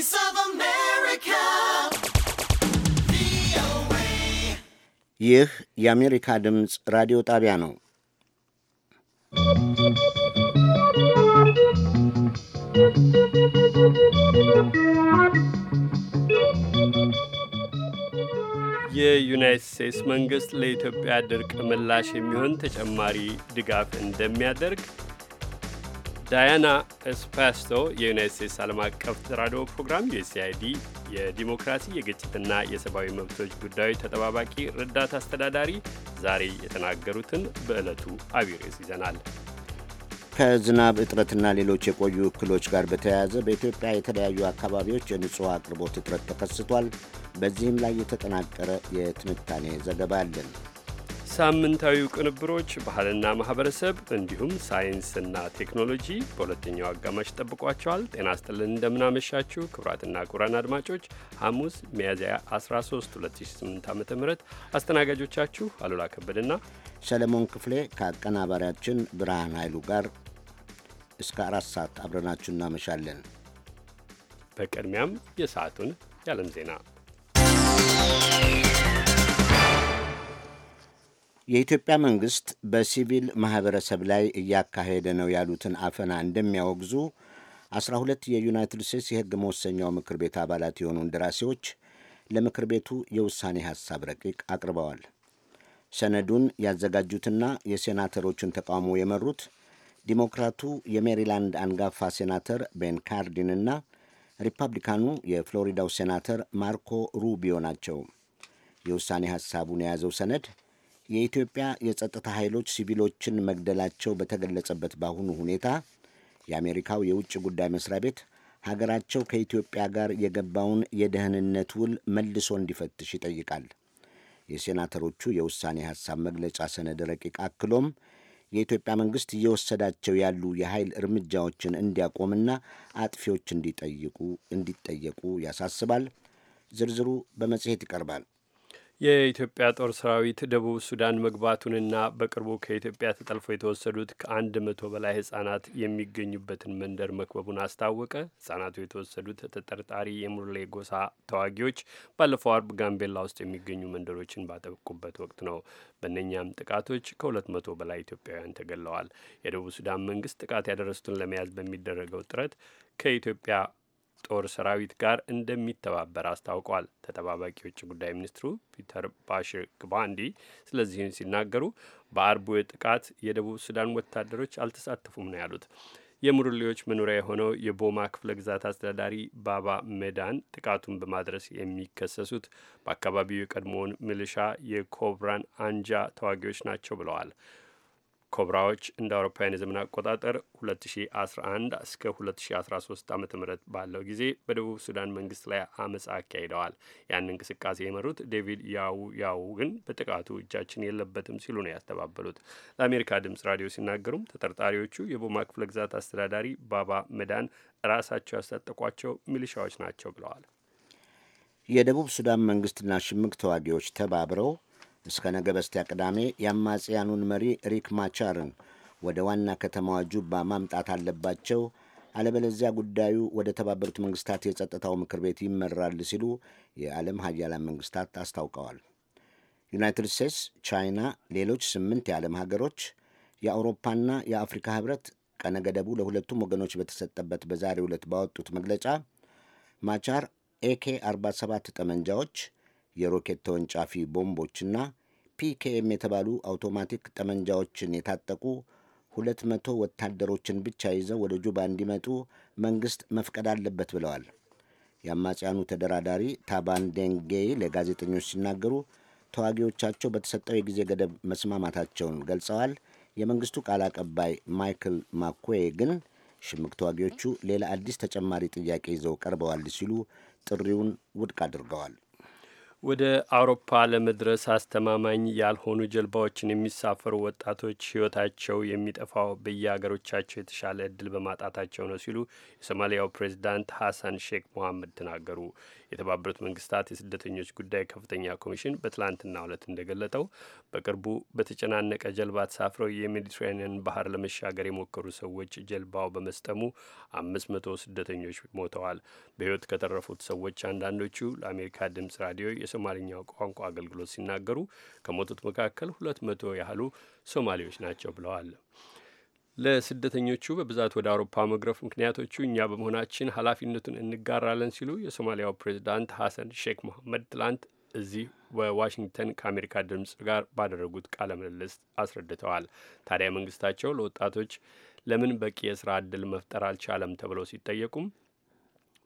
Voice of America. ይህ የአሜሪካ ድምፅ ራዲዮ ጣቢያ ነው። የዩናይትድ ስቴትስ መንግሥት ለኢትዮጵያ ድርቅ ምላሽ የሚሆን ተጨማሪ ድጋፍ እንደሚያደርግ ዳያና ኤስፓስቶ የዩናይት ስቴትስ ዓለም አቀፍ ተራድኦ ፕሮግራም ዩኤስአይዲ የዲሞክራሲ የግጭትና የሰብአዊ መብቶች ጉዳዮች ተጠባባቂ ረዳት አስተዳዳሪ ዛሬ የተናገሩትን በዕለቱ አቢሬስ ይዘናል። ከዝናብ እጥረትና ሌሎች የቆዩ እክሎች ጋር በተያያዘ በኢትዮጵያ የተለያዩ አካባቢዎች የንጹሕ አቅርቦት እጥረት ተከስቷል። በዚህም ላይ የተጠናቀረ የትንታኔ ዘገባ አለን። ሳምንታዊ ቅንብሮች፣ ባህልና ማህበረሰብ እንዲሁም ሳይንስና ቴክኖሎጂ በሁለተኛው አጋማሽ ጠብቋቸዋል። ጤና ስጥልን እንደምናመሻችሁ ክቡራትና ክቡራን አድማጮች ሐሙስ ሚያዝያ 13 2008 ዓ ም አስተናጋጆቻችሁ አሉላ ከበድና ሰለሞን ክፍሌ ከአቀናባሪያችን ብርሃን ኃይሉ ጋር እስከ አራት ሰዓት አብረናችሁ እናመሻለን። በቅድሚያም የሰዓቱን የዓለም ዜና የኢትዮጵያ መንግሥት በሲቪል ማኅበረሰብ ላይ እያካሄደ ነው ያሉትን አፈና እንደሚያወግዙ 12 የዩናይትድ ስቴትስ የሕግ መወሰኛው ምክር ቤት አባላት የሆኑ እንደራሴዎች ለምክር ቤቱ የውሳኔ ሐሳብ ረቂቅ አቅርበዋል። ሰነዱን ያዘጋጁትና የሴናተሮችን ተቃውሞ የመሩት ዲሞክራቱ የሜሪላንድ አንጋፋ ሴናተር ቤን ካርዲን እና ሪፐብሊካኑ የፍሎሪዳው ሴናተር ማርኮ ሩቢዮ ናቸው። የውሳኔ ሐሳቡን የያዘው ሰነድ የኢትዮጵያ የጸጥታ ኃይሎች ሲቪሎችን መግደላቸው በተገለጸበት በአሁኑ ሁኔታ የአሜሪካው የውጭ ጉዳይ መስሪያ ቤት ሀገራቸው ከኢትዮጵያ ጋር የገባውን የደህንነት ውል መልሶ እንዲፈትሽ ይጠይቃል። የሴናተሮቹ የውሳኔ ሐሳብ መግለጫ ሰነድ ረቂቅ አክሎም የኢትዮጵያ መንግሥት እየወሰዳቸው ያሉ የኃይል እርምጃዎችን እንዲያቆምና አጥፊዎች እንዲጠይቁ እንዲጠየቁ ያሳስባል። ዝርዝሩ በመጽሔት ይቀርባል። የኢትዮጵያ ጦር ሰራዊት ደቡብ ሱዳን መግባቱንና በቅርቡ ከኢትዮጵያ ተጠልፈው የተወሰዱት ከአንድ መቶ በላይ ህጻናት የሚገኙበትን መንደር መክበቡን አስታወቀ። ህጻናቱ የተወሰዱት ተጠርጣሪ የሙርሌ ጎሳ ተዋጊዎች ባለፈው አርብ ጋምቤላ ውስጥ የሚገኙ መንደሮችን ባጠቁበት ወቅት ነው። በእነኛም ጥቃቶች ከሁለት መቶ በላይ ኢትዮጵያውያን ተገለዋል። የደቡብ ሱዳን መንግስት ጥቃት ያደረሱትን ለመያዝ በሚደረገው ጥረት ከኢትዮጵያ ጦር ሰራዊት ጋር እንደሚተባበር አስታውቋል። ተጠባባቂ የውጭ ጉዳይ ሚኒስትሩ ፒተር ባሽር ግባንዲ ስለዚህም ሲናገሩ በአርቡ ጥቃት የደቡብ ሱዳን ወታደሮች አልተሳተፉም ነው ያሉት። የሙርሌዎች መኖሪያ የሆነው የቦማ ክፍለ ግዛት አስተዳዳሪ ባባ ሜዳን ጥቃቱን በማድረስ የሚከሰሱት በአካባቢው የቀድሞውን ሚሊሻ የኮብራን አንጃ ተዋጊዎች ናቸው ብለዋል። ኮብራዎች እንደ አውሮፓውያን የዘመን አቆጣጠር 2011 እስከ 2013 ዓ ም ባለው ጊዜ በደቡብ ሱዳን መንግስት ላይ አመፃ አካሂደዋል። ያን እንቅስቃሴ የመሩት ዴቪድ ያው ያው ግን በጥቃቱ እጃችን የለበትም ሲሉ ነው ያስተባበሉት። ለአሜሪካ ድምፅ ራዲዮ ሲናገሩም ተጠርጣሪዎቹ የቦማ ክፍለ ግዛት አስተዳዳሪ ባባ መዳን ራሳቸው ያስታጠቋቸው ሚሊሻዎች ናቸው ብለዋል። የደቡብ ሱዳን መንግስትና ሽምቅ ተዋጊዎች ተባብረው እስከ ነገ በስቲያ ቅዳሜ የአማጽያኑን መሪ ሪክ ማቻርን ወደ ዋና ከተማዋ ጁባ ማምጣት አለባቸው፣ አለበለዚያ ጉዳዩ ወደ ተባበሩት መንግስታት የጸጥታው ምክር ቤት ይመራል ሲሉ የዓለም ሀያላን መንግስታት አስታውቀዋል። ዩናይትድ ስቴትስ፣ ቻይና፣ ሌሎች ስምንት የዓለም ሀገሮች፣ የአውሮፓና የአፍሪካ ህብረት ቀነገደቡ ለሁለቱም ወገኖች በተሰጠበት በዛሬ ዕለት ባወጡት መግለጫ ማቻር ኤኬ 47 ጠመንጃዎች፣ የሮኬት ተወንጫፊ ቦምቦችና ፒኬኤም የተባሉ አውቶማቲክ ጠመንጃዎችን የታጠቁ ሁለት መቶ ወታደሮችን ብቻ ይዘው ወደ ጁባ እንዲመጡ መንግሥት መፍቀድ አለበት ብለዋል። የአማጽያኑ ተደራዳሪ ታባን ዴንጌይ ለጋዜጠኞች ሲናገሩ ተዋጊዎቻቸው በተሰጠው የጊዜ ገደብ መስማማታቸውን ገልጸዋል። የመንግሥቱ ቃል አቀባይ ማይክል ማኩዌ ግን ሽምቅ ተዋጊዎቹ ሌላ አዲስ ተጨማሪ ጥያቄ ይዘው ቀርበዋል ሲሉ ጥሪውን ውድቅ አድርገዋል። ወደ አውሮፓ ለመድረስ አስተማማኝ ያልሆኑ ጀልባዎችን የሚሳፈሩ ወጣቶች ሕይወታቸው የሚጠፋው በየሀገሮቻቸው የተሻለ እድል በማጣታቸው ነው ሲሉ የሶማሊያው ፕሬዚዳንት ሐሰን ሼክ ሞሐመድ ተናገሩ። የተባበሩት መንግስታት የስደተኞች ጉዳይ ከፍተኛ ኮሚሽን በትላንትና ዕለት እንደገለጠው በቅርቡ በተጨናነቀ ጀልባ ተሳፍረው የሜዲትራኒያን ባህር ለመሻገር የሞከሩ ሰዎች ጀልባው በመስጠሙ አምስት መቶ ስደተኞች ሞተዋል። በህይወት ከተረፉት ሰዎች አንዳንዶቹ ለአሜሪካ ድምፅ ራዲዮ የሶማልኛው ቋንቋ አገልግሎት ሲናገሩ ከሞቱት መካከል ሁለት መቶ ያህሉ ሶማሌዎች ናቸው ብለዋል። ለስደተኞቹ በብዛት ወደ አውሮፓ መግረፍ ምክንያቶቹ እኛ በመሆናችን ኃላፊነቱን እንጋራለን ሲሉ የሶማሊያው ፕሬዚዳንት ሐሰን ሼክ መሐመድ ትላንት እዚህ በዋሽንግተን ከአሜሪካ ድምፅ ጋር ባደረጉት ቃለ ምልልስ አስረድተዋል። ታዲያ መንግስታቸው ለወጣቶች ለምን በቂ የስራ ዕድል መፍጠር አልቻለም ተብለው ሲጠየቁም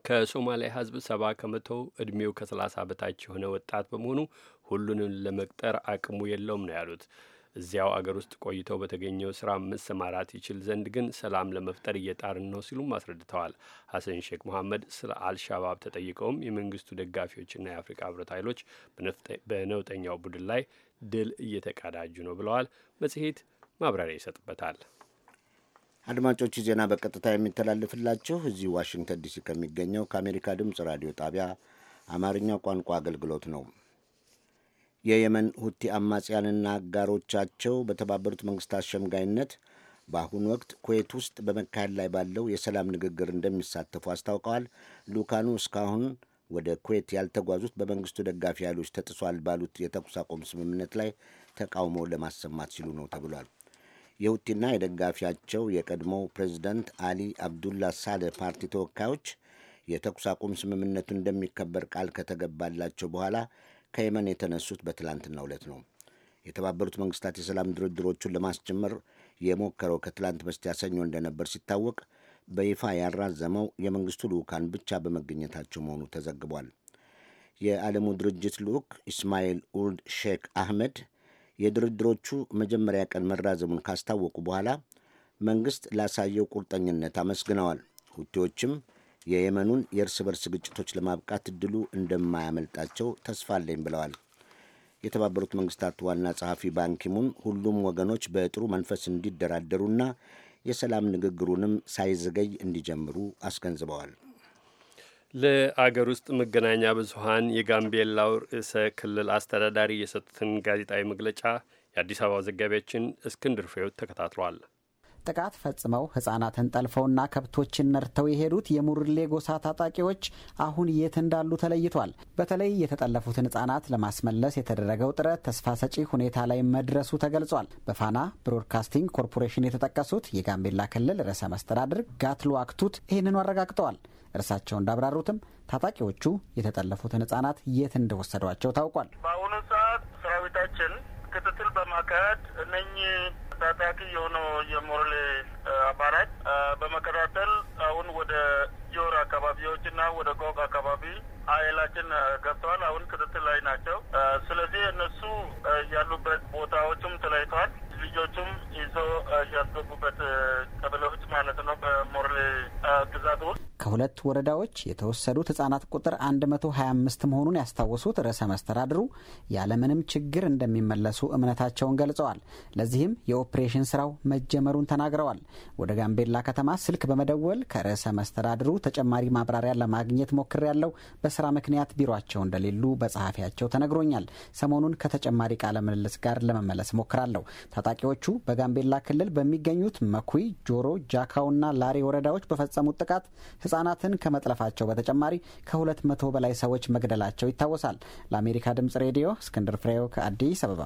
ከሶማሊያ ህዝብ ሰባ ከመቶ እድሜው ከሰላሳ በታች የሆነ ወጣት በመሆኑ ሁሉንም ለመቅጠር አቅሙ የለውም ነው ያሉት። እዚያው አገር ውስጥ ቆይተው በተገኘው ስራ መሰማራት ይችል ዘንድ ግን ሰላም ለመፍጠር እየጣርን ነው ሲሉም አስረድተዋል። ሐሰን ሼክ መሐመድ ስለ አልሻባብ ተጠይቀውም የመንግስቱ ደጋፊዎችና የአፍሪካ ህብረት ኃይሎች በነውጠኛው ቡድን ላይ ድል እየተቀዳጁ ነው ብለዋል። መጽሔት ማብራሪያ ይሰጥበታል። አድማጮች ዜና በቀጥታ የሚተላለፍላችሁ እዚህ ዋሽንግተን ዲሲ ከሚገኘው ከአሜሪካ ድምፅ ራዲዮ ጣቢያ አማርኛ ቋንቋ አገልግሎት ነው። የየመን ሁቲ አማጽያንና አጋሮቻቸው በተባበሩት መንግስታት ሸምጋይነት በአሁኑ ወቅት ኩዌት ውስጥ በመካሄድ ላይ ባለው የሰላም ንግግር እንደሚሳተፉ አስታውቀዋል። ልኡካኑ እስካሁን ወደ ኩዌት ያልተጓዙት በመንግስቱ ደጋፊ ኃይሎች ተጥሷል ባሉት የተኩስ አቆም ስምምነት ላይ ተቃውሞ ለማሰማት ሲሉ ነው ተብሏል። የሁቲና የደጋፊያቸው የቀድሞው ፕሬዚዳንት አሊ አብዱላ ሳለ ፓርቲ ተወካዮች የተኩስ አቁም ስምምነቱ እንደሚከበር ቃል ከተገባላቸው በኋላ ከየመን የተነሱት በትላንትና ዕለት ነው። የተባበሩት መንግስታት የሰላም ድርድሮቹን ለማስጀመር የሞከረው ከትላንት በስቲያ ሰኞ እንደነበር ሲታወቅ በይፋ ያራዘመው የመንግስቱ ልዑካን ብቻ በመገኘታቸው መሆኑ ተዘግቧል። የዓለሙ ድርጅት ልዑክ ኢስማኤል ኡልድ ሼክ አህመድ የድርድሮቹ መጀመሪያ ቀን መራዘሙን ካስታወቁ በኋላ መንግሥት ላሳየው ቁርጠኝነት አመስግነዋል። ሁቲዎችም የየመኑን የእርስ በርስ ግጭቶች ለማብቃት እድሉ እንደማያመልጣቸው ተስፋ አለኝ ብለዋል። የተባበሩት መንግስታት ዋና ጸሐፊ ባንኪሙን ሁሉም ወገኖች በጥሩ መንፈስ እንዲደራደሩና የሰላም ንግግሩንም ሳይዘገይ እንዲጀምሩ አስገንዝበዋል። ለአገር ውስጥ መገናኛ ብዙሀን የጋምቤላው ርዕሰ ክልል አስተዳዳሪ የሰጡትን ጋዜጣዊ መግለጫ የአዲስ አበባ ዘጋቢያችን እስክንድር ፍሬው ተከታትሏል። ጥቃት ፈጽመው ህጻናትን ጠልፈውና ከብቶችን ነርተው የሄዱት የሙርሌ ጎሳ ታጣቂዎች አሁን የት እንዳሉ ተለይቷል። በተለይ የተጠለፉትን ህጻናት ለማስመለስ የተደረገው ጥረት ተስፋ ሰጪ ሁኔታ ላይ መድረሱ ተገልጿል። በፋና ብሮድካስቲንግ ኮርፖሬሽን የተጠቀሱት የጋምቤላ ክልል ርዕሰ መስተዳድር ጋትሎ አክቱት ይህንኑ አረጋግጠዋል። እርሳቸው እንዳብራሩትም ታጣቂዎቹ የተጠለፉትን ህጻናት የት እንደወሰዷቸው ታውቋል። በአሁኑ ሰዓት ሰራዊታችን ክትትል በማካሄድ እነኚህ ታጣቂ የሆነው የሞርሌ አባላት በመከታተል አሁን ወደ ጆር አካባቢዎች እና ወደ ቆቅ አካባቢ ኃይላችን ገብተዋል። አሁን ክትትል ላይ ናቸው። ስለዚህ እነሱ ያሉበት ቦታዎችም ተለይተዋል። ልጆቹም ይዞ ያስገቡበት ቀበሌዎች ማለት ነው። በሞርሌ ግዛት ውስጥ ከሁለት ወረዳዎች የተወሰዱት ህጻናት ቁጥር 125 መሆኑን ያስታወሱት ርዕሰ መስተዳድሩ ያለምንም ችግር እንደሚመለሱ እምነታቸውን ገልጸዋል። ለዚህም የኦፕሬሽን ስራው መጀመሩን ተናግረዋል። ወደ ጋምቤላ ከተማ ስልክ በመደወል ከርዕሰ መስተዳድሩ ተጨማሪ ማብራሪያ ለማግኘት ሞክር ያለው በስራ ምክንያት ቢሯቸው እንደሌሉ በጸሐፊያቸው ተነግሮኛል። ሰሞኑን ከተጨማሪ ቃለ ምልልስ ጋር ለመመለስ ሞክራለሁ። ታጣቂዎቹ በጋ በጋምቤላ ክልል በሚገኙት መኩይ፣ ጆሮ፣ ጃካውና ላሪ ወረዳዎች በፈጸሙት ጥቃት ህጻናትን ከመጥለፋቸው በተጨማሪ ከሁለት መቶ በላይ ሰዎች መግደላቸው ይታወሳል። ለአሜሪካ ድምጽ ሬዲዮ እስክንድር ፍሬው ከአዲስ አበባ።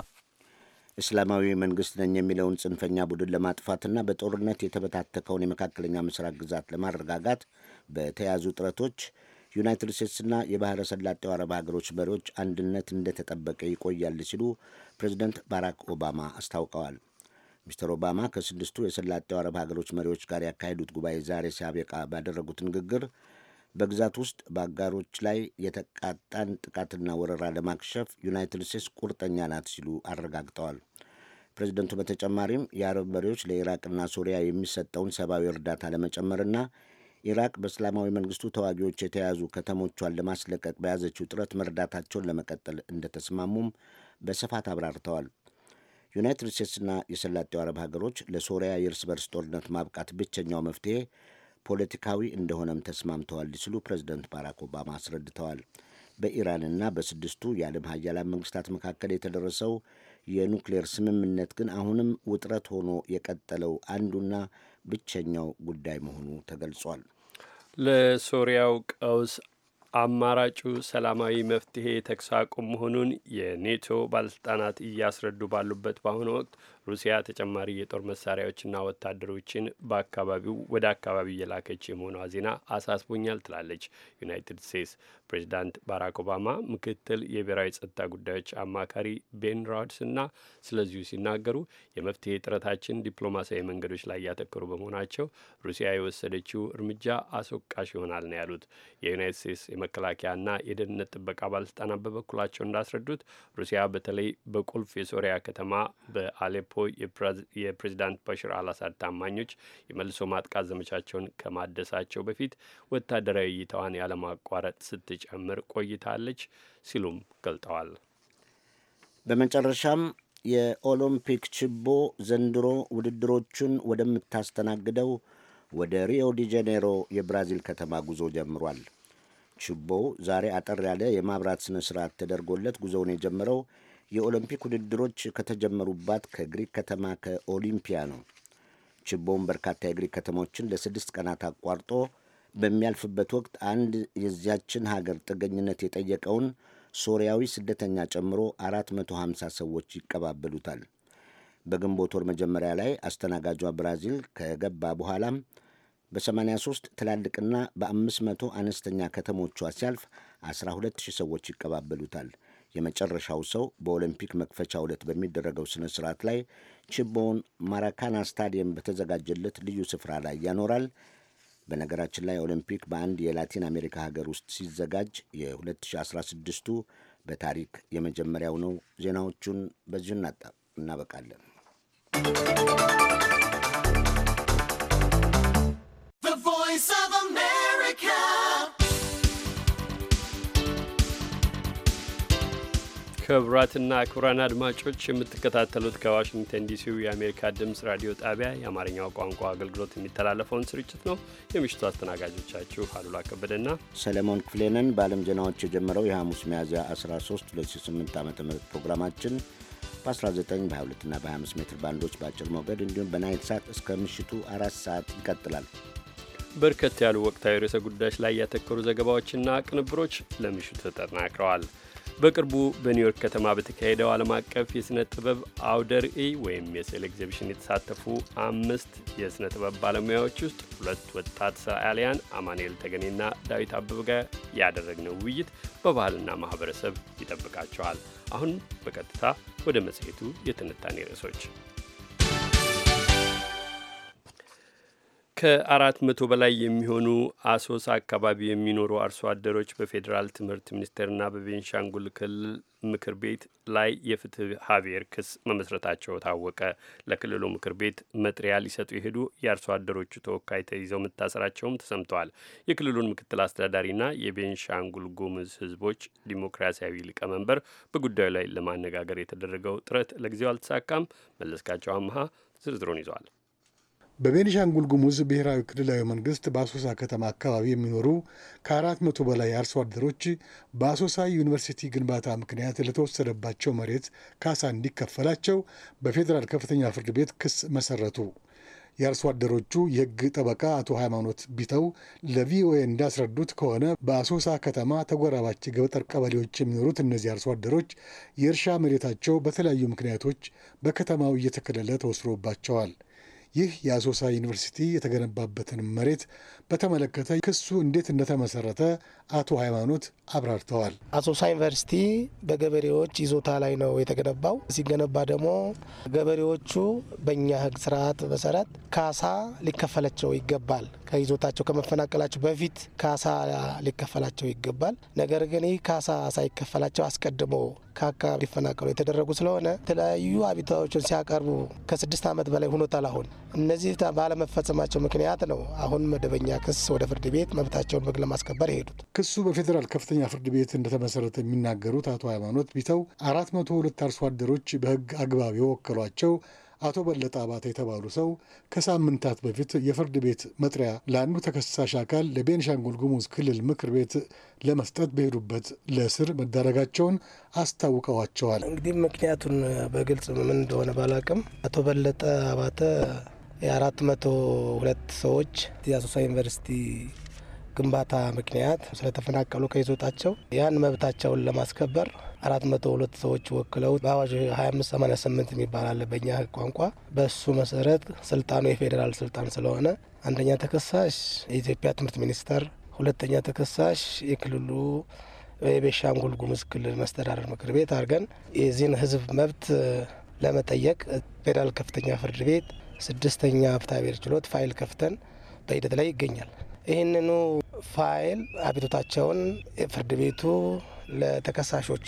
እስላማዊ መንግስት ነኝ የሚለውን ጽንፈኛ ቡድን ለማጥፋትና በጦርነት የተበታተከውን የመካከለኛ ምስራቅ ግዛት ለማረጋጋት በተያዙ ጥረቶች ዩናይትድ ስቴትስና የባህረ ሰላጤው አረብ ሀገሮች መሪዎች አንድነት እንደተጠበቀ ይቆያል ሲሉ ፕሬዚደንት ባራክ ኦባማ አስታውቀዋል። ሚስተር ኦባማ ከስድስቱ የሰላጤው አረብ ሀገሮች መሪዎች ጋር ያካሄዱት ጉባኤ ዛሬ ሲያበቃ ባደረጉት ንግግር በግዛት ውስጥ በአጋሮች ላይ የተቃጣን ጥቃትና ወረራ ለማክሸፍ ዩናይትድ ስቴትስ ቁርጠኛ ናት ሲሉ አረጋግጠዋል። ፕሬዚደንቱ በተጨማሪም የአረብ መሪዎች ለኢራቅና ሶሪያ የሚሰጠውን ሰብአዊ እርዳታ ለመጨመርና ኢራቅ በእስላማዊ መንግስቱ ተዋጊዎች የተያዙ ከተሞቿን ለማስለቀቅ በያዘችው ጥረት መርዳታቸውን ለመቀጠል እንደተስማሙም በስፋት አብራርተዋል። ዩናይትድ ስቴትስና የሰላጤው አረብ ሀገሮች ለሶሪያ የእርስ በርስ ጦርነት ማብቃት ብቸኛው መፍትሄ ፖለቲካዊ እንደሆነም ተስማምተዋል ሲሉ ፕሬዚደንት ባራክ ኦባማ አስረድተዋል። በኢራንና በስድስቱ የዓለም ሀያላን መንግስታት መካከል የተደረሰው የኑክሌር ስምምነት ግን አሁንም ውጥረት ሆኖ የቀጠለው አንዱና ብቸኛው ጉዳይ መሆኑ ተገልጿል። ለሶሪያው ቀውስ አማራጩ ሰላማዊ መፍትሄ የተኩስ አቁም መሆኑን የኔቶ ባለስልጣናት እያስረዱ ባሉበት በአሁኑ ወቅት ሩሲያ ተጨማሪ የጦር መሳሪያዎችና ወታደሮችን በአካባቢው ወደ አካባቢው እየላከች የመሆኗ ዜና አሳስቦኛል ትላለች ዩናይትድ ስቴትስ። ፕሬዚዳንት ባራክ ኦባማ ምክትል የብሔራዊ ጸጥታ ጉዳዮች አማካሪ ቤን ሮድስና ስለዚሁ ሲናገሩ የመፍትሄ ጥረታችን ዲፕሎማሲያዊ መንገዶች ላይ ያተኮሩ በመሆናቸው ሩሲያ የወሰደችው እርምጃ አስወቃሽ ይሆናል ነው ያሉት። የዩናይትድ ስቴትስ የመከላከያና የደህንነት ጥበቃ ባለስልጣናት በበኩላቸው እንዳስረዱት ሩሲያ በተለይ በቁልፍ የሶሪያ ከተማ በአሌፖ የፕሬዚዳንት ባሽር አልአሳድ ታማኞች የመልሶ ማጥቃት ዘመቻቸውን ከማደሳቸው በፊት ወታደራዊ እይታዋን ያለማቋረጥ ስትጨምር ቆይታለች ሲሉም ገልጠዋል። በመጨረሻም የኦሎምፒክ ችቦ ዘንድሮ ውድድሮቹን ወደምታስተናግደው ወደ ሪዮ ዲ ጄኔሮ የብራዚል ከተማ ጉዞ ጀምሯል። ችቦው ዛሬ አጠር ያለ የማብራት ስነ ስርዓት ተደርጎለት ጉዞውን የጀመረው የኦሎምፒክ ውድድሮች ከተጀመሩባት ከግሪክ ከተማ ከኦሊምፒያ ነው። ችቦውን በርካታ የግሪክ ከተሞችን ለስድስት ቀናት አቋርጦ በሚያልፍበት ወቅት አንድ የዚያችን ሀገር ጥገኝነት የጠየቀውን ሶሪያዊ ስደተኛ ጨምሮ 450 ሰዎች ይቀባበሉታል። በግንቦት ወር መጀመሪያ ላይ አስተናጋጇ ብራዚል ከገባ በኋላም በ83 ትላልቅና በ500 አነስተኛ ከተሞቿ ሲያልፍ 12000 ሰዎች ይቀባበሉታል። የመጨረሻው ሰው በኦሎምፒክ መክፈቻ ዕለት በሚደረገው ስነ ስርዓት ላይ ችቦውን ማራካና ስታዲየም በተዘጋጀለት ልዩ ስፍራ ላይ ያኖራል። በነገራችን ላይ ኦሎምፒክ በአንድ የላቲን አሜሪካ ሀገር ውስጥ ሲዘጋጅ የ2016ቱ በታሪክ የመጀመሪያው ነው። ዜናዎቹን በዚሁ እናበቃለን። ክቡራትና ክቡራን አድማጮች የምትከታተሉት ከዋሽንግተን ዲሲው የአሜሪካ ድምፅ ራዲዮ ጣቢያ የአማርኛው ቋንቋ አገልግሎት የሚተላለፈውን ስርጭት ነው። የምሽቱ አስተናጋጆቻችሁ አሉላ ከበደና ሰለሞን ክፍሌንን በዓለም ዜናዎች የጀመረው የሐሙስ ሚያዝያ 13 2008 ዓ ም ፕሮግራማችን በ19 22 በ25 ሜትር ባንዶች በአጭር ሞገድ እንዲሁም በናይል ሰዓት እስከ ምሽቱ አራት ሰዓት ይቀጥላል። በርከት ያሉ ወቅታዊ ርዕሰ ጉዳዮች ላይ ያተኮሩ ዘገባዎችና ቅንብሮች ለምሽቱ ተጠናቅረዋል። በቅርቡ በኒውዮርክ ከተማ በተካሄደው ዓለም አቀፍ የሥነ ጥበብ አውደ ርዕይ ወይም የስዕል ኤግዚቢሽን የተሳተፉ አምስት የሥነ ጥበብ ባለሙያዎች ውስጥ ሁለት ወጣት ሰዓሊያን አማኑኤል ተገኔና ዳዊት አበበ ጋር ያደረግነው ውይይት በባህልና ማኅበረሰብ ይጠብቃቸዋል። አሁን በቀጥታ ወደ መጽሔቱ የትንታኔ ርዕሶች ከአራት መቶ በላይ የሚሆኑ አሶሳ አካባቢ የሚኖሩ አርሶ አደሮች በፌዴራል ትምህርት ሚኒስቴርና በቤንሻንጉል ክልል ምክር ቤት ላይ የፍትህ ሀብሔር ክስ መመስረታቸው ታወቀ። ለክልሉ ምክር ቤት መጥሪያ ሊሰጡ የሄዱ የአርሶ አደሮቹ ተወካይ ተይዘው መታሰራቸውም ተሰምተዋል። የክልሉን ምክትል አስተዳዳሪና የቤንሻንጉል ጉሙዝ ህዝቦች ዲሞክራሲያዊ ሊቀመንበር በጉዳዩ ላይ ለማነጋገር የተደረገው ጥረት ለጊዜው አልተሳካም። መለስካቸው አምሃ ዝርዝሩን ይዘዋል። በቤኒሻንጉል ጉሙዝ ብሔራዊ ክልላዊ መንግስት በአሶሳ ከተማ አካባቢ የሚኖሩ ከአራት መቶ በላይ አርሶ አደሮች በአሶሳ ዩኒቨርሲቲ ግንባታ ምክንያት ለተወሰደባቸው መሬት ካሳ እንዲከፈላቸው በፌዴራል ከፍተኛ ፍርድ ቤት ክስ መሰረቱ። የአርሶ አደሮቹ የህግ ጠበቃ አቶ ሃይማኖት ቢተው ለቪኦኤ እንዳስረዱት ከሆነ በአሶሳ ከተማ ተጎራባች ገበጠር ቀበሌዎች የሚኖሩት እነዚህ አርሶ አደሮች የእርሻ መሬታቸው በተለያዩ ምክንያቶች በከተማው እየተከለለ ተወስሮባቸዋል። ይህ የአሶሳ ዩኒቨርሲቲ የተገነባበትን መሬት በተመለከተ ክሱ እንዴት እንደተመሰረተ አቶ ሃይማኖት አብራርተዋል። አሶሳ ዩኒቨርሲቲ በገበሬዎች ይዞታ ላይ ነው የተገነባው። ሲገነባ ደግሞ ገበሬዎቹ በእኛ ህግ ስርዓት መሰረት ካሳ ሊከፈላቸው ይገባል። ከይዞታቸው ከመፈናቀላቸው በፊት ካሳ ሊከፈላቸው ይገባል። ነገር ግን ይህ ካሳ ሳይከፈላቸው አስቀድሞ ከአካባቢ ሊፈናቀሉ የተደረጉ ስለሆነ የተለያዩ አቤቱታዎችን ሲያቀርቡ ከስድስት ዓመት በላይ ሁኖታል አሁን እነዚህ ባለመፈጸማቸው ምክንያት ነው አሁን መደበኛ ክስ ወደ ፍርድ ቤት መብታቸውን በግ ለማስከበር የሄዱት። ክሱ በፌዴራል ከፍተኛ ፍርድ ቤት እንደተመሰረተ የሚናገሩት አቶ ሃይማኖት ቢተው አራት መቶ ሁለት አርሶ አደሮች በህግ አግባብ የወከሏቸው አቶ በለጠ አባተ የተባሉ ሰው ከሳምንታት በፊት የፍርድ ቤት መጥሪያ ለአንዱ ተከሳሽ አካል ለቤንሻንጉል ጉሙዝ ክልል ምክር ቤት ለመስጠት በሄዱበት ለእስር መዳረጋቸውን አስታውቀዋቸዋል። እንግዲህ ምክንያቱን በግልጽ ምን እንደሆነ ባላቅም አቶ በለጠ አባተ የአራት መቶ ሁለት ሰዎች የአሶሳ ዩኒቨርሲቲ ግንባታ ምክንያት ስለተፈናቀሉ ከይዞታቸው ያን መብታቸውን ለማስከበር አራት መቶ ሁለት ሰዎች ወክለው በአዋጅ ሀያ አምስት ሰማኒያ ስምንት የሚባል አለ በእኛ ህግ ቋንቋ። በሱ መሰረት ስልጣኑ የፌዴራል ስልጣን ስለሆነ አንደኛ ተከሳሽ የኢትዮጵያ ትምህርት ሚኒስቴር፣ ሁለተኛ ተከሳሽ የክልሉ የቤንሻንጉል ጉሙዝ ክልል መስተዳደር ምክር ቤት አድርገን የዚህን ህዝብ መብት ለመጠየቅ ፌዴራል ከፍተኛ ፍርድ ቤት ስድስተኛ ቤር ችሎት ፋይል ከፍተን በሂደት ላይ ይገኛል። ይህንኑ ፋይል አቤቱታቸውን ፍርድ ቤቱ ለተከሳሾች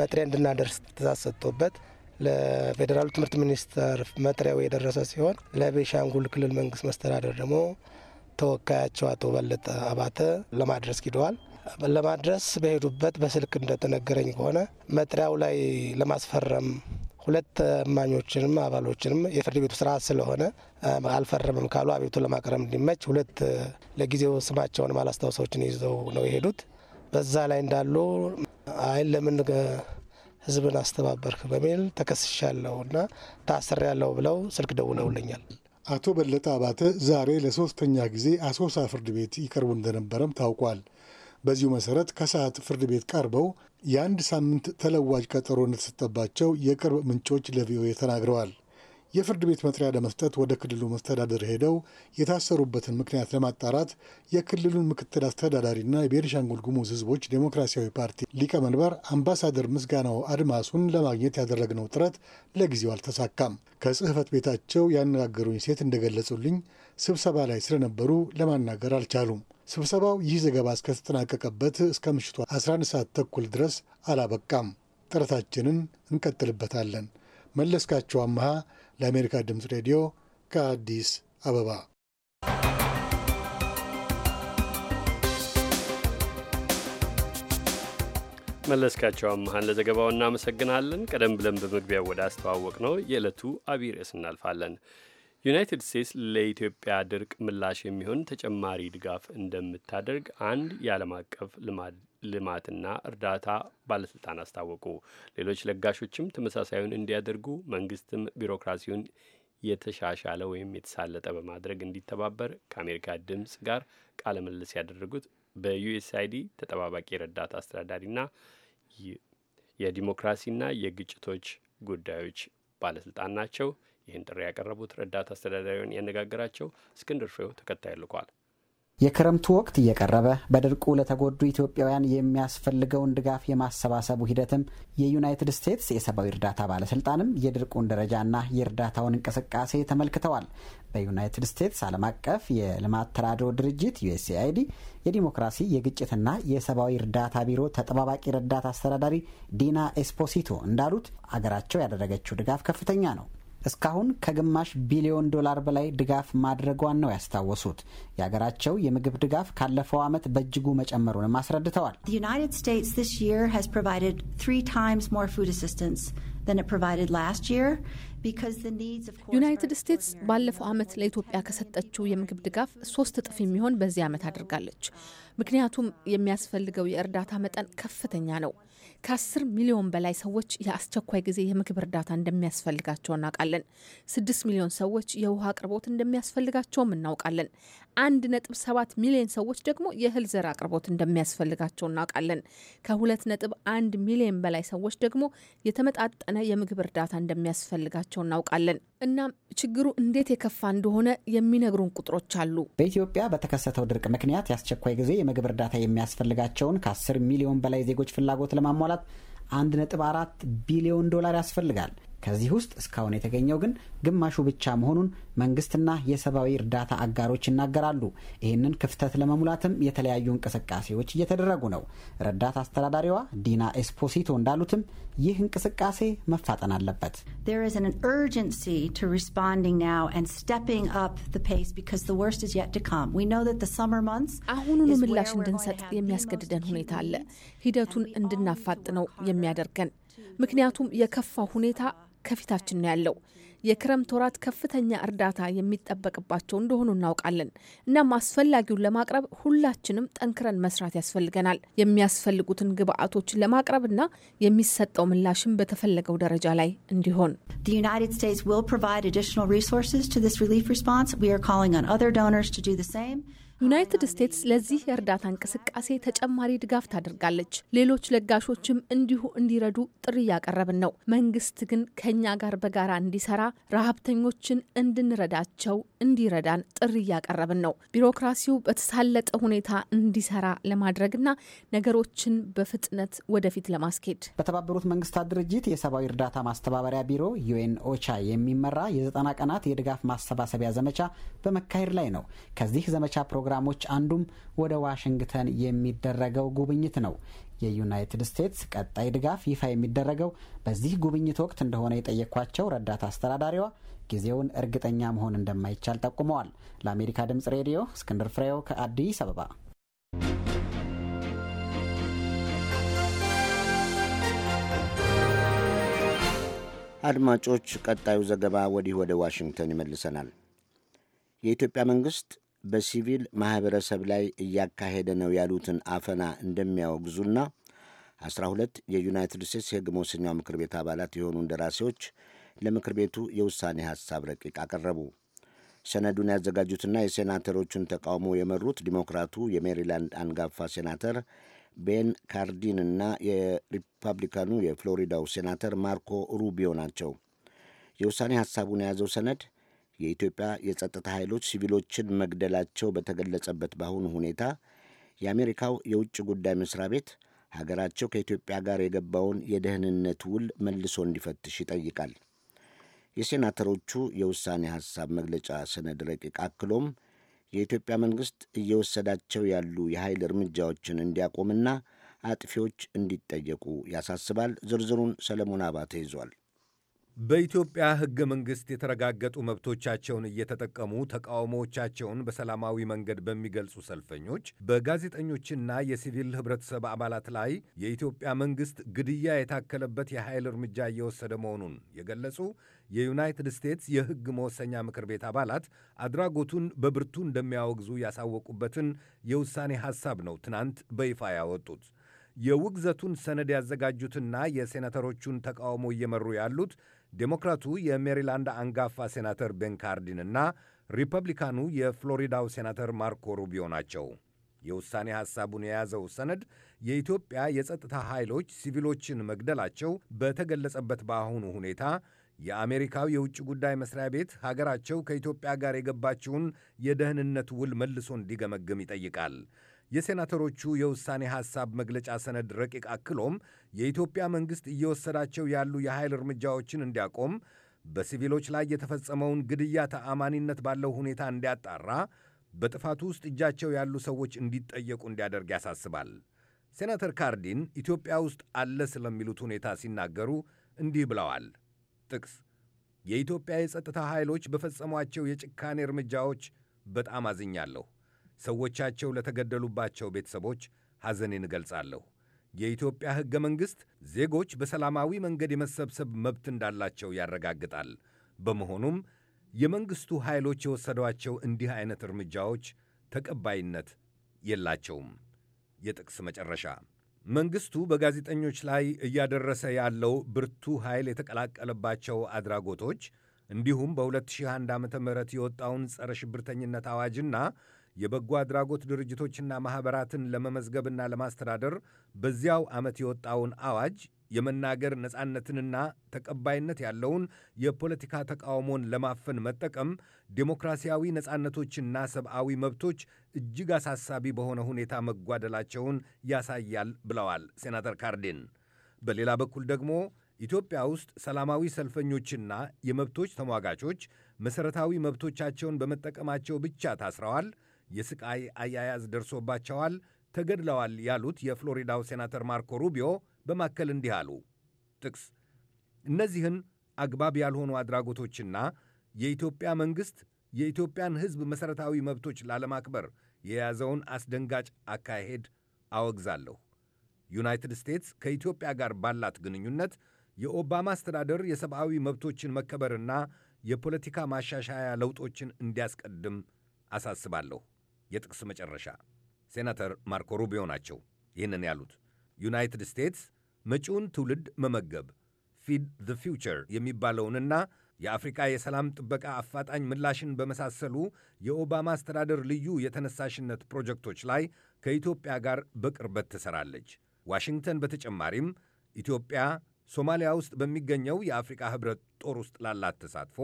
መጥሪያ እንድናደርስ ትእዛዝ ሰጥቶበት ለፌዴራሉ ትምህርት ሚኒስቴር መጥሪያው የደረሰ ሲሆን ለቤሻንጉል ክልል መንግስት መስተዳደር ደግሞ ተወካያቸው አቶ በለጠ አባተ ለማድረስ ሂደዋል። ለማድረስ በሄዱበት በስልክ እንደተነገረኝ ከሆነ መጥሪያው ላይ ለማስፈረም ሁለት እማኞችንም አባሎችንም የፍርድ ቤቱ ስርዓት ስለሆነ አልፈረምም ካሉ አቤቱ ለማቅረብ እንዲመች ሁለት ለጊዜው ስማቸውን ማላስታውሰዎችን ይዘው ነው የሄዱት። በዛ ላይ እንዳሉ አይን ለምን ህዝብን አስተባበርክ በሚል ተከስሻለሁ እና ታስር ያለው ብለው ስልክ ደውለውልኛል። አቶ በለጠ አባተ ዛሬ ለሶስተኛ ጊዜ አሶሳ ፍርድ ቤት ይቀርቡ እንደነበረም ታውቋል። በዚሁ መሰረት ከሰዓት ፍርድ ቤት ቀርበው የአንድ ሳምንት ተለዋጅ ቀጠሮ እንደተሰጠባቸው የቅርብ ምንጮች ለቪኦኤ ተናግረዋል። የፍርድ ቤት መጥሪያ ለመስጠት ወደ ክልሉ መስተዳደር ሄደው የታሰሩበትን ምክንያት ለማጣራት የክልሉን ምክትል አስተዳዳሪና የቤኒሻንጉል ጉሙዝ ሕዝቦች ዴሞክራሲያዊ ፓርቲ ሊቀመንበር አምባሳደር ምስጋናው አድማሱን ለማግኘት ያደረግነው ጥረት ለጊዜው አልተሳካም። ከጽህፈት ቤታቸው ያነጋገሩኝ ሴት እንደገለጹልኝ ስብሰባ ላይ ስለነበሩ ለማናገር አልቻሉም። ስብሰባው ይህ ዘገባ እስከተጠናቀቀበት እስከ ምሽቱ 11 ሰዓት ተኩል ድረስ አላበቃም። ጥረታችንን እንቀጥልበታለን። መለስካቸው አመሃ ለአሜሪካ ድምፅ ሬዲዮ ከአዲስ አበባ። መለስካቸው አመሃን ለዘገባው እናመሰግናለን። ቀደም ብለን በመግቢያው ወደ አስተዋወቅ ነው የዕለቱ አብይ ርዕስ እናልፋለን። ዩናይትድ ስቴትስ ለኢትዮጵያ ድርቅ ምላሽ የሚሆን ተጨማሪ ድጋፍ እንደምታደርግ አንድ የዓለም አቀፍ ልማትና እርዳታ ባለስልጣን አስታወቁ። ሌሎች ለጋሾችም ተመሳሳዩን እንዲያደርጉ መንግስትም ቢሮክራሲውን የተሻሻለ ወይም የተሳለጠ በማድረግ እንዲተባበር ከአሜሪካ ድምፅ ጋር ቃለ ምልልስ ያደረጉት በዩኤስአይዲ ተጠባባቂ ረዳት አስተዳዳሪና የዲሞክራሲና የግጭቶች ጉዳዮች ባለስልጣን ናቸው። ይህን ጥሪ ያቀረቡት ረዳት አስተዳዳሪውን ያነጋገራቸው እስክንድር ፍሬው ተከታይ ልኳል። የክረምቱ ወቅት እየቀረበ በድርቁ ለተጎዱ ኢትዮጵያውያን የሚያስፈልገውን ድጋፍ የማሰባሰቡ ሂደትም የዩናይትድ ስቴትስ የሰብአዊ እርዳታ ባለስልጣንም የድርቁን ደረጃና የእርዳታውን እንቅስቃሴ ተመልክተዋል። በዩናይትድ ስቴትስ ዓለም አቀፍ የልማት ተራድኦ ድርጅት ዩኤስኤአይዲ የዲሞክራሲ የግጭትና የሰብአዊ እርዳታ ቢሮ ተጠባባቂ ረዳት አስተዳዳሪ ዲና ኤስፖሲቶ እንዳሉት አገራቸው ያደረገችው ድጋፍ ከፍተኛ ነው። እስካሁን ከግማሽ ቢሊዮን ዶላር በላይ ድጋፍ ማድረጓን ነው ያስታወሱት። የሀገራቸው የምግብ ድጋፍ ካለፈው ዓመት በእጅጉ መጨመሩንም አስረድተዋል። ዩናይትድ ስቴትስ ፉድ ስቴትስ ባለፈው ዓመት ለኢትዮጵያ ከሰጠችው የምግብ ድጋፍ ሶስት እጥፍ የሚሆን በዚህ ዓመት አድርጋለች። ምክንያቱም የሚያስፈልገው የእርዳታ መጠን ከፍተኛ ነው። ከ10 ሚሊዮን በላይ ሰዎች የአስቸኳይ ጊዜ የምግብ እርዳታ እንደሚያስፈልጋቸው እናውቃለን። ስድስት ሚሊዮን ሰዎች የውሃ አቅርቦት እንደሚያስፈልጋቸውም እናውቃለን። አንድ ነጥብ ሰባት ሚሊዮን ሰዎች ደግሞ የእህል ዘር አቅርቦት እንደሚያስፈልጋቸው እናውቃለን። ከሁለት ነጥብ አንድ ሚሊዮን በላይ ሰዎች ደግሞ የተመጣጠነ የምግብ እርዳታ እንደሚያስፈልጋቸው እናውቃለን። እናም ችግሩ እንዴት የከፋ እንደሆነ የሚነግሩን ቁጥሮች አሉ። በኢትዮጵያ በተከሰተው ድርቅ ምክንያት የአስቸኳይ ጊዜ የምግብ እርዳታ የሚያስፈልጋቸውን ከ10 ሚሊዮን በላይ ዜጎች ፍላጎት ለማሟላት 1.4 ቢሊዮን ዶላር ያስፈልጋል። ከዚህ ውስጥ እስካሁን የተገኘው ግን ግማሹ ብቻ መሆኑን መንግስትና የሰብአዊ እርዳታ አጋሮች ይናገራሉ። ይህንን ክፍተት ለመሙላትም የተለያዩ እንቅስቃሴዎች እየተደረጉ ነው። ረዳት አስተዳዳሪዋ ዲና ኤስፖሲቶ እንዳሉትም ይህ እንቅስቃሴ መፋጠን አለበት። አሁኑኑ ምላሽ እንድንሰጥ የሚያስገድደን ሁኔታ አለ። ሂደቱን እንድናፋጥነው የሚያደርገን ምክንያቱም የከፋ ሁኔታ ከፊታችን ነው ያለው። የክረምት ወራት ከፍተኛ እርዳታ የሚጠበቅባቸው እንደሆኑ እናውቃለን። እናም አስፈላጊውን ለማቅረብ ሁላችንም ጠንክረን መስራት ያስፈልገናል። የሚያስፈልጉትን ግብአቶች ለማቅረብና የሚሰጠው ምላሽም በተፈለገው ደረጃ ላይ እንዲሆን ዩናይትድ ስቴትስ ለዚህ የእርዳታ እንቅስቃሴ ተጨማሪ ድጋፍ ታደርጋለች። ሌሎች ለጋሾችም እንዲሁ እንዲረዱ ጥሪ እያቀረብን ነው። መንግስት ግን ከኛ ጋር በጋራ እንዲሰራ፣ ረሃብተኞችን እንድንረዳቸው እንዲረዳን ጥሪ እያቀረብን ነው። ቢሮክራሲው በተሳለጠ ሁኔታ እንዲሰራ ለማድረግና ነገሮችን በፍጥነት ወደፊት ለማስኬድ በተባበሩት መንግስታት ድርጅት የሰብአዊ እርዳታ ማስተባበሪያ ቢሮ ዩኤን ኦቻ የሚመራ የዘጠና ቀናት የድጋፍ ማሰባሰቢያ ዘመቻ በመካሄድ ላይ ነው። ከዚህ ዘመቻ ፕሮግራም ፕሮግራሞች አንዱም ወደ ዋሽንግተን የሚደረገው ጉብኝት ነው። የዩናይትድ ስቴትስ ቀጣይ ድጋፍ ይፋ የሚደረገው በዚህ ጉብኝት ወቅት እንደሆነ የጠየኳቸው ረዳት አስተዳዳሪዋ ጊዜውን እርግጠኛ መሆን እንደማይቻል ጠቁመዋል። ለአሜሪካ ድምጽ ሬዲዮ እስክንድር ፍሬው ከአዲስ አበባ። አድማጮች፣ ቀጣዩ ዘገባ ወዲህ ወደ ዋሽንግተን ይመልሰናል። የኢትዮጵያ መንግሥት በሲቪል ማኅበረሰብ ላይ እያካሄደ ነው ያሉትን አፈና እንደሚያወግዙና 12 የዩናይትድ ስቴትስ የሕግ መወሰኛው ምክር ቤት አባላት የሆኑ እንደራሴዎች ለምክር ቤቱ የውሳኔ ሐሳብ ረቂቅ አቀረቡ። ሰነዱን ያዘጋጁትና የሴናተሮቹን ተቃውሞ የመሩት ዲሞክራቱ የሜሪላንድ አንጋፋ ሴናተር ቤን ካርዲን እና የሪፐብሊካኑ የፍሎሪዳው ሴናተር ማርኮ ሩቢዮ ናቸው። የውሳኔ ሐሳቡን የያዘው ሰነድ የኢትዮጵያ የጸጥታ ኃይሎች ሲቪሎችን መግደላቸው በተገለጸበት በአሁኑ ሁኔታ የአሜሪካው የውጭ ጉዳይ መስሪያ ቤት ሀገራቸው ከኢትዮጵያ ጋር የገባውን የደህንነት ውል መልሶ እንዲፈትሽ ይጠይቃል። የሴናተሮቹ የውሳኔ ሐሳብ መግለጫ ሰነድ ረቂቅ አክሎም የኢትዮጵያ መንግሥት እየወሰዳቸው ያሉ የኃይል እርምጃዎችን እንዲያቆምና አጥፊዎች እንዲጠየቁ ያሳስባል። ዝርዝሩን ሰለሞን አባተ ይዟል። በኢትዮጵያ ሕገ መንግሥት የተረጋገጡ መብቶቻቸውን እየተጠቀሙ ተቃውሞዎቻቸውን በሰላማዊ መንገድ በሚገልጹ ሰልፈኞች፣ በጋዜጠኞችና የሲቪል ኅብረተሰብ አባላት ላይ የኢትዮጵያ መንግሥት ግድያ የታከለበት የኃይል እርምጃ እየወሰደ መሆኑን የገለጹ የዩናይትድ ስቴትስ የሕግ መወሰኛ ምክር ቤት አባላት አድራጎቱን በብርቱ እንደሚያወግዙ ያሳወቁበትን የውሳኔ ሐሳብ ነው ትናንት በይፋ ያወጡት። የውግዘቱን ሰነድ ያዘጋጁትና የሴናተሮቹን ተቃውሞ እየመሩ ያሉት ዴሞክራቱ የሜሪላንድ አንጋፋ ሴናተር ቤን እና ሪፐብሊካኑ የፍሎሪዳው ሴናተር ማርኮ ሩቢዮ ናቸው። የውሳኔ ሐሳቡን የያዘው ሰነድ የኢትዮጵያ የጸጥታ ኃይሎች ሲቪሎችን መግደላቸው በተገለጸበት በአሁኑ ሁኔታ የአሜሪካው የውጭ ጉዳይ መስሪያ ቤት ሀገራቸው ከኢትዮጵያ ጋር የገባችውን የደህንነት ውል መልሶ እንዲገመግም ይጠይቃል። የሴናተሮቹ የውሳኔ ሐሳብ መግለጫ ሰነድ ረቂቅ አክሎም የኢትዮጵያ መንግሥት እየወሰዳቸው ያሉ የኃይል እርምጃዎችን እንዲያቆም፣ በሲቪሎች ላይ የተፈጸመውን ግድያ ተአማኒነት ባለው ሁኔታ እንዲያጣራ፣ በጥፋቱ ውስጥ እጃቸው ያሉ ሰዎች እንዲጠየቁ እንዲያደርግ ያሳስባል። ሴናተር ካርዲን ኢትዮጵያ ውስጥ አለ ስለሚሉት ሁኔታ ሲናገሩ እንዲህ ብለዋል። ጥቅስ የኢትዮጵያ የጸጥታ ኃይሎች በፈጸሟቸው የጭካኔ እርምጃዎች በጣም አዝኛለሁ። ሰዎቻቸው ለተገደሉባቸው ቤተሰቦች ሐዘኔን እገልጻለሁ። የኢትዮጵያ ሕገ መንግሥት ዜጎች በሰላማዊ መንገድ የመሰብሰብ መብት እንዳላቸው ያረጋግጣል። በመሆኑም የመንግሥቱ ኃይሎች የወሰዷቸው እንዲህ ዐይነት እርምጃዎች ተቀባይነት የላቸውም። የጥቅስ መጨረሻ መንግሥቱ በጋዜጠኞች ላይ እያደረሰ ያለው ብርቱ ኃይል የተቀላቀለባቸው አድራጎቶች እንዲሁም በ2001 ዓ ም የወጣውን ጸረ ሽብርተኝነት አዋጅና የበጎ አድራጎት ድርጅቶችና ማኅበራትን ለመመዝገብና ለማስተዳደር በዚያው ዓመት የወጣውን አዋጅ የመናገር ነፃነትንና ተቀባይነት ያለውን የፖለቲካ ተቃውሞን ለማፈን መጠቀም ዴሞክራሲያዊ ነፃነቶችና ሰብአዊ መብቶች እጅግ አሳሳቢ በሆነ ሁኔታ መጓደላቸውን ያሳያል ብለዋል ሴናተር ካርዲን። በሌላ በኩል ደግሞ ኢትዮጵያ ውስጥ ሰላማዊ ሰልፈኞችና የመብቶች ተሟጋቾች መሠረታዊ መብቶቻቸውን በመጠቀማቸው ብቻ ታስረዋል የስቃይ አያያዝ ደርሶባቸዋል፣ ተገድለዋል ያሉት የፍሎሪዳው ሴናተር ማርኮ ሩቢዮ በማከል እንዲህ አሉ። ጥቅስ እነዚህን አግባብ ያልሆኑ አድራጎቶችና የኢትዮጵያ መንግሥት የኢትዮጵያን ሕዝብ መሠረታዊ መብቶች ላለማክበር የያዘውን አስደንጋጭ አካሄድ አወግዛለሁ። ዩናይትድ ስቴትስ ከኢትዮጵያ ጋር ባላት ግንኙነት የኦባማ አስተዳደር የሰብአዊ መብቶችን መከበርና የፖለቲካ ማሻሻያ ለውጦችን እንዲያስቀድም አሳስባለሁ። የጥቅስ መጨረሻ ሴናተር ማርኮ ሩቢዮ ናቸው ይህንን ያሉት። ዩናይትድ ስቴትስ መጪውን ትውልድ መመገብ ፊድ ዘ ፊውቸር የሚባለውንና የአፍሪካ የሰላም ጥበቃ አፋጣኝ ምላሽን በመሳሰሉ የኦባማ አስተዳደር ልዩ የተነሳሽነት ፕሮጀክቶች ላይ ከኢትዮጵያ ጋር በቅርበት ትሰራለች። ዋሽንግተን በተጨማሪም ኢትዮጵያ ሶማሊያ ውስጥ በሚገኘው የአፍሪቃ ህብረት ጦር ውስጥ ላላት ተሳትፎ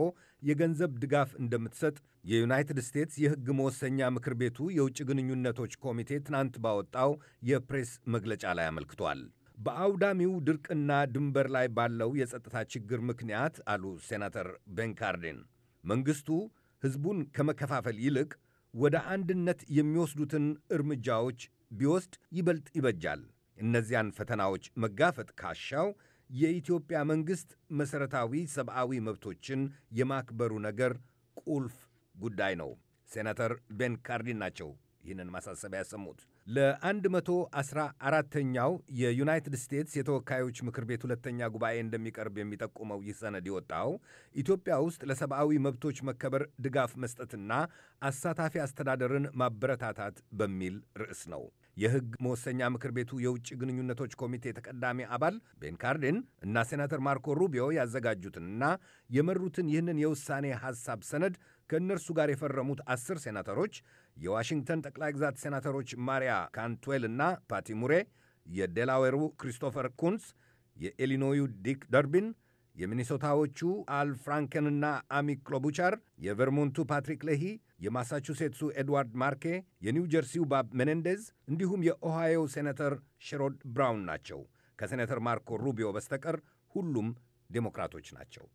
የገንዘብ ድጋፍ እንደምትሰጥ የዩናይትድ ስቴትስ የሕግ መወሰኛ ምክር ቤቱ የውጭ ግንኙነቶች ኮሚቴ ትናንት ባወጣው የፕሬስ መግለጫ ላይ አመልክቷል። በአውዳሚው ድርቅና ድንበር ላይ ባለው የጸጥታ ችግር ምክንያት አሉ ሴናተር ቤንካርዴን፣ መንግሥቱ ሕዝቡን ከመከፋፈል ይልቅ ወደ አንድነት የሚወስዱትን እርምጃዎች ቢወስድ ይበልጥ ይበጃል። እነዚያን ፈተናዎች መጋፈጥ ካሻው የኢትዮጵያ መንግሥት መሠረታዊ ሰብዓዊ መብቶችን የማክበሩ ነገር ቁልፍ ጉዳይ ነው። ሴናተር ቤን ካርዲን ናቸው ይህንን ማሳሰቢያ ያሰሙት። ለ114ኛው የዩናይትድ ስቴትስ የተወካዮች ምክር ቤት ሁለተኛ ጉባኤ እንደሚቀርብ የሚጠቁመው ይህ ሰነድ የወጣው ኢትዮጵያ ውስጥ ለሰብዓዊ መብቶች መከበር ድጋፍ መስጠትና አሳታፊ አስተዳደርን ማበረታታት በሚል ርዕስ ነው። የሕግ መወሰኛ ምክር ቤቱ የውጭ ግንኙነቶች ኮሚቴ ተቀዳሚ አባል ቤን ካርዲን እና ሴናተር ማርኮ ሩቢዮ ያዘጋጁትንና የመሩትን ይህንን የውሳኔ ሐሳብ ሰነድ ከእነርሱ ጋር የፈረሙት አስር ሴናተሮች የዋሽንግተን ጠቅላይ ግዛት ሴናተሮች ማሪያ ካንትዌል እና ፓቲ ሙሬ፣ የዴላዌሩ ክሪስቶፈር ኩንስ፣ የኢሊኖዩ ዲክ ደርቢን የሚኒሶታዎቹ አል ፍራንከንና አሚ ክሎቡቻር፣ የቨርሞንቱ ፓትሪክ ለሂ፣ የማሳቹሴትሱ ኤድዋርድ ማርኬ፣ የኒው ጀርሲው ባብ ሜኔንዴዝ እንዲሁም የኦሃዮ ሴኔተር ሼሮድ ብራውን ናቸው። ከሴኔተር ማርኮ ሩቢዮ በስተቀር ሁሉም ዴሞክራቶች ናቸው።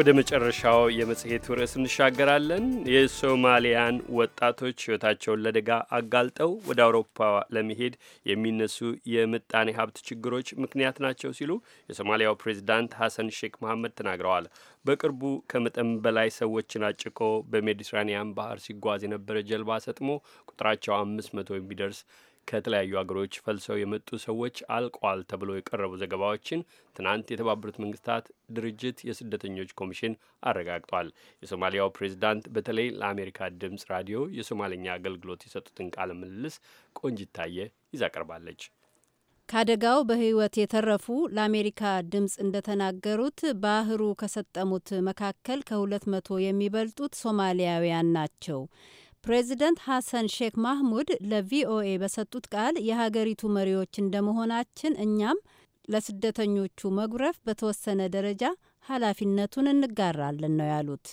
ወደ መጨረሻው የመጽሔቱ ርዕስ እንሻገራለን። የሶማሊያን ወጣቶች ሕይወታቸውን ለደጋ አጋልጠው ወደ አውሮፓ ለመሄድ የሚነሱ የምጣኔ ሀብት ችግሮች ምክንያት ናቸው ሲሉ የሶማሊያው ፕሬዚዳንት ሐሰን ሼክ መሐመድ ተናግረዋል። በቅርቡ ከመጠን በላይ ሰዎችን አጭቆ በሜዲትራኒያን ባህር ሲጓዝ የነበረ ጀልባ ሰጥሞ ቁጥራቸው አምስት መቶ የሚደርስ ከተለያዩ አገሮች ፈልሰው የመጡ ሰዎች አልቋል ተብሎ የቀረቡ ዘገባዎችን ትናንት የተባበሩት መንግስታት ድርጅት የስደተኞች ኮሚሽን አረጋግጧል። የሶማሊያው ፕሬዚዳንት በተለይ ለአሜሪካ ድምፅ ራዲዮ የሶማልኛ አገልግሎት የሰጡትን ቃለ ምልልስ ቆንጅታየ ይዛ ቀርባለች። ከአደጋው በህይወት የተረፉ ለአሜሪካ ድምፅ እንደተናገሩት ባህሩ ከሰጠሙት መካከል ከሁለት መቶ የሚበልጡት ሶማሊያውያን ናቸው። ፕሬዚደንት ሐሰን ሼክ ማህሙድ ለቪኦኤ በሰጡት ቃል የሀገሪቱ መሪዎች እንደመሆናችን እኛም ለስደተኞቹ መጉረፍ በተወሰነ ደረጃ ኃላፊነቱን እንጋራለን ነው ያሉት።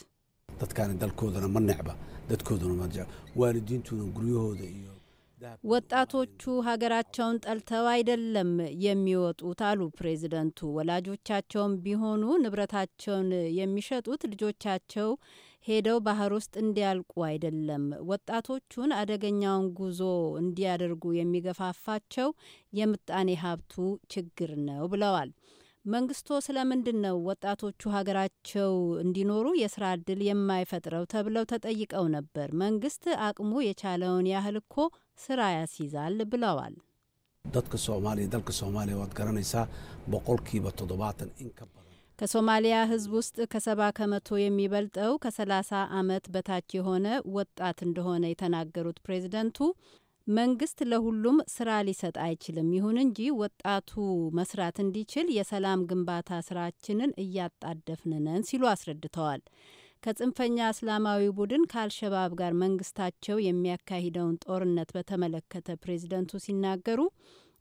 ወጣቶቹ ሀገራቸውን ጠልተው አይደለም የሚወጡት አሉ ፕሬዚደንቱ። ወላጆቻቸውም ቢሆኑ ንብረታቸውን የሚሸጡት ልጆቻቸው ሄደው ባህር ውስጥ እንዲያልቁ አይደለም። ወጣቶቹን አደገኛውን ጉዞ እንዲያደርጉ የሚገፋፋቸው የምጣኔ ሀብቱ ችግር ነው ብለዋል። መንግስቶ ስለምንድን ነው ወጣቶቹ ሀገራቸው እንዲኖሩ የስራ እድል የማይፈጥረው ተብለው ተጠይቀው ነበር። መንግስት አቅሙ የቻለውን ያህል እኮ ስራ ያስይዛል ብለዋል። ዳትከ ሶማሌ ዳልከ ሶማሌ ዋት ገረነይሳ በቆልኪ ቶዶባተን ኢንከባ ከሶማሊያ ህዝብ ውስጥ ከሰባ ከመቶ የሚበልጠው ከ አመት በታች የሆነ ወጣት እንደሆነ የተናገሩት ፕሬዝደንቱ መንግስት ለሁሉም ስራ ሊሰጥ አይችልም። ይሁን እንጂ ወጣቱ መስራት እንዲችል የሰላም ግንባታ ስራችንን እያጣደፍን ነን ሲሉ አስረድተዋል። ከጽንፈኛ እስላማዊ ቡድን ከአልሸባብ ጋር መንግስታቸው የሚያካሂደውን ጦርነት በተመለከተ ፕሬዝደንቱ ሲናገሩ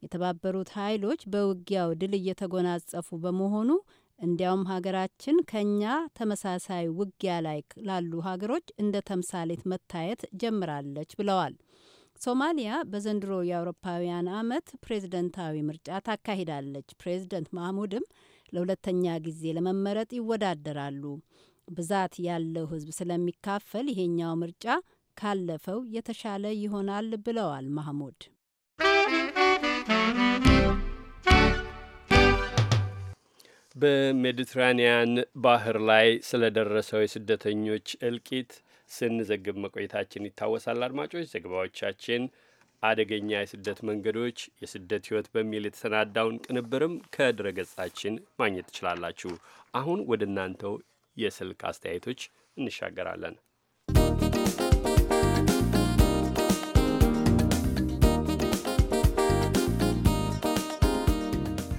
የተባበሩት ኃይሎች በውጊያው ድል እየተጎናጸፉ በመሆኑ እንዲያውም ሀገራችን ከእኛ ተመሳሳይ ውጊያ ላይ ላሉ ሀገሮች እንደ ተምሳሌት መታየት ጀምራለች ብለዋል። ሶማሊያ በዘንድሮ የአውሮፓውያን አመት ፕሬዝደንታዊ ምርጫ ታካሂዳለች። ፕሬዝደንት ማህሙድም ለሁለተኛ ጊዜ ለመመረጥ ይወዳደራሉ። ብዛት ያለው ህዝብ ስለሚካፈል ይሄኛው ምርጫ ካለፈው የተሻለ ይሆናል ብለዋል ማህሙድ። በሜዲትራኒያን ባህር ላይ ስለደረሰው የስደተኞች እልቂት ስንዘግብ መቆየታችን ይታወሳል። አድማጮች ዘገባዎቻችን አደገኛ የስደት መንገዶች፣ የስደት ህይወት በሚል የተሰናዳውን ቅንብርም ከድረ ገጻችን ማግኘት ትችላላችሁ። አሁን ወደ እናንተው የስልክ አስተያየቶች እንሻገራለን።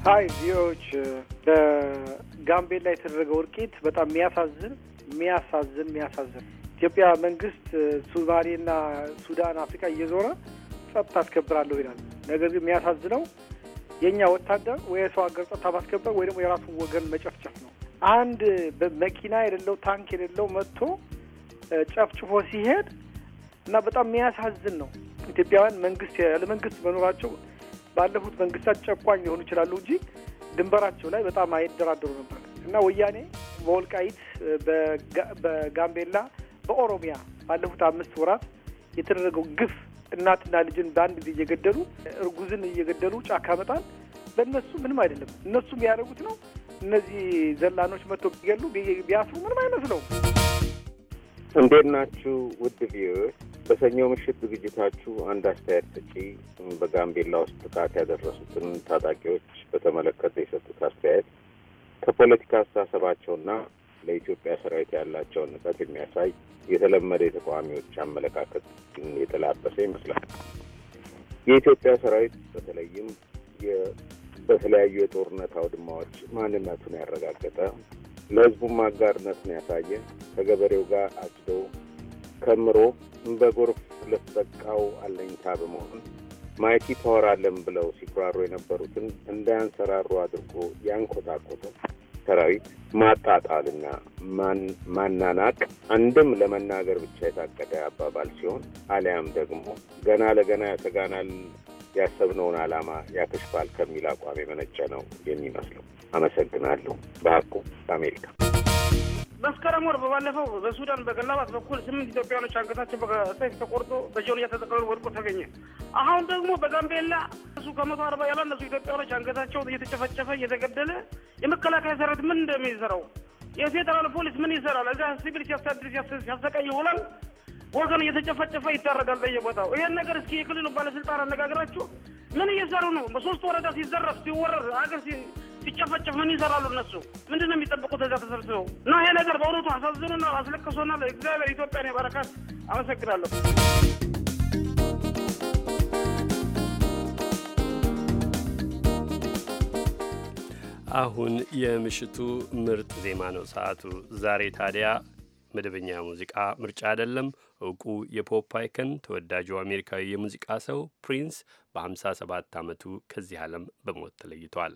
ሀይ ቪዎች በጋምቤላ የተደረገው እርቂት በጣም የሚያሳዝን የሚያሳዝን የሚያሳዝን ኢትዮጵያ መንግስት ሱማሌና ሱዳን አፍሪካ እየዞረ ጸጥታ አስከብራለሁ ይላል። ነገር ግን የሚያሳዝነው የእኛ ወታደር ወይ የሰው ሀገር ጸጥታ ማስከበር ወይ ደግሞ የራሱን ወገን መጨፍጨፍ ነው። አንድ መኪና የሌለው ታንክ የሌለው መጥቶ ጨፍጭፎ ሲሄድ እና በጣም የሚያሳዝን ነው። ኢትዮጵያውያን መንግስት ያለ መንግስት መኖራቸው ባለፉት መንግስታት ጨቋኝ ሊሆኑ ይችላሉ እንጂ ድንበራቸው ላይ በጣም አይደራደሩ ነበር እና ወያኔ በወልቃይት በጋምቤላ በኦሮሚያ ባለፉት አምስት ወራት የተደረገው ግፍ እናትና ልጅን በአንድ ጊዜ እየገደሉ እርጉዝን እየገደሉ ጫካ መጣል ለእነሱ ምንም አይደለም። እነሱ የሚያደርጉት ነው። እነዚህ ዘላኖች መጥቶ ቢገሉ ቢያስሩ ምንም አይመስለውም። እንዴት ናችሁ ውድ ቪዎች? በሰኞ ምሽት ዝግጅታችሁ አንድ አስተያየት ሰጪ በጋምቤላ ውስጥ ጥቃት ያደረሱትን ታጣቂዎች በተመለከተ የሰጡት አስተያየት ከፖለቲካ አስተሳሰባቸውና ለኢትዮጵያ ሰራዊት ያላቸውን ንቀት የሚያሳይ የተለመደ የተቃዋሚዎች አመለካከት የተላበሰ ይመስላል። የኢትዮጵያ ሰራዊት በተለይም በተለያዩ የጦርነት አውድማዎች ማንነቱን ያረጋገጠ ለሕዝቡም አጋርነትን ያሳየ ከገበሬው ጋር አጭዶ ከምሮ በጎርፍ ለተጠቃው አለኝታ በመሆን ማይቲ ፓወር አለን ብለው ሲኩራሩ የነበሩትን እንዳያንሰራሩ አድርጎ ያንኮታኮተ ሰራዊት ማጣጣልና ማናናቅ አንድም ለመናገር ብቻ የታቀደ አባባል ሲሆን አሊያም ደግሞ ገና ለገና ያሰጋናል ያሰብነውን ዓላማ ያክሽፋል ከሚል አቋም የመነጨ ነው የሚመስለው። አመሰግናለሁ። በሀቁ አሜሪካ መስከረም ወር በባለፈው በሱዳን በገላባት በኩል ስምንት ኢትዮጵያኖች አንገታቸው በሰይፍ ተቆርጦ በጆንያ ተጠቅልሎ ወድቆ ተገኘ። አሁን ደግሞ በጋምቤላ እሱ ከመቶ አርባ ያላነሱ ኢትዮጵያኖች አንገታቸው እየተጨፈጨፈ እየተገደለ የመከላከያ ሰራዊት ምን እንደሚሰራው የፌዴራል ፖሊስ ምን ይሰራል? እዛ ሲቪል ሲያስተዳድር ሲያሰቃይ ይውላል። ወገን እየተጨፈጨፈ ይታረጋል በየቦታው። ይሄን ነገር እስኪ የክልሉ ባለስልጣን አነጋግራችሁ ምን እየሰሩ ነው? በሶስት ወረዳ ሲዘረፍ ሲወረር አገር ሲጨፈጨፍ ምን ይሰራሉ እነሱ? ምንድን ነው የሚጠብቁት እዛ ተሰብስበው? እና ይሄ ነገር በእውነቱ አሳዝኖናል፣ አስለቅሶናል። እግዚአብሔር ኢትዮጵያን የባረካት። አመሰግናለሁ። አሁን የምሽቱ ምርጥ ዜማ ነው ሰዓቱ። ዛሬ ታዲያ መደበኛ ሙዚቃ ምርጫ አይደለም። እውቁ የፖፕ አይከን ተወዳጁ አሜሪካዊ የሙዚቃ ሰው ፕሪንስ በ57 ዓመቱ ከዚህ ዓለም በሞት ተለይቷል።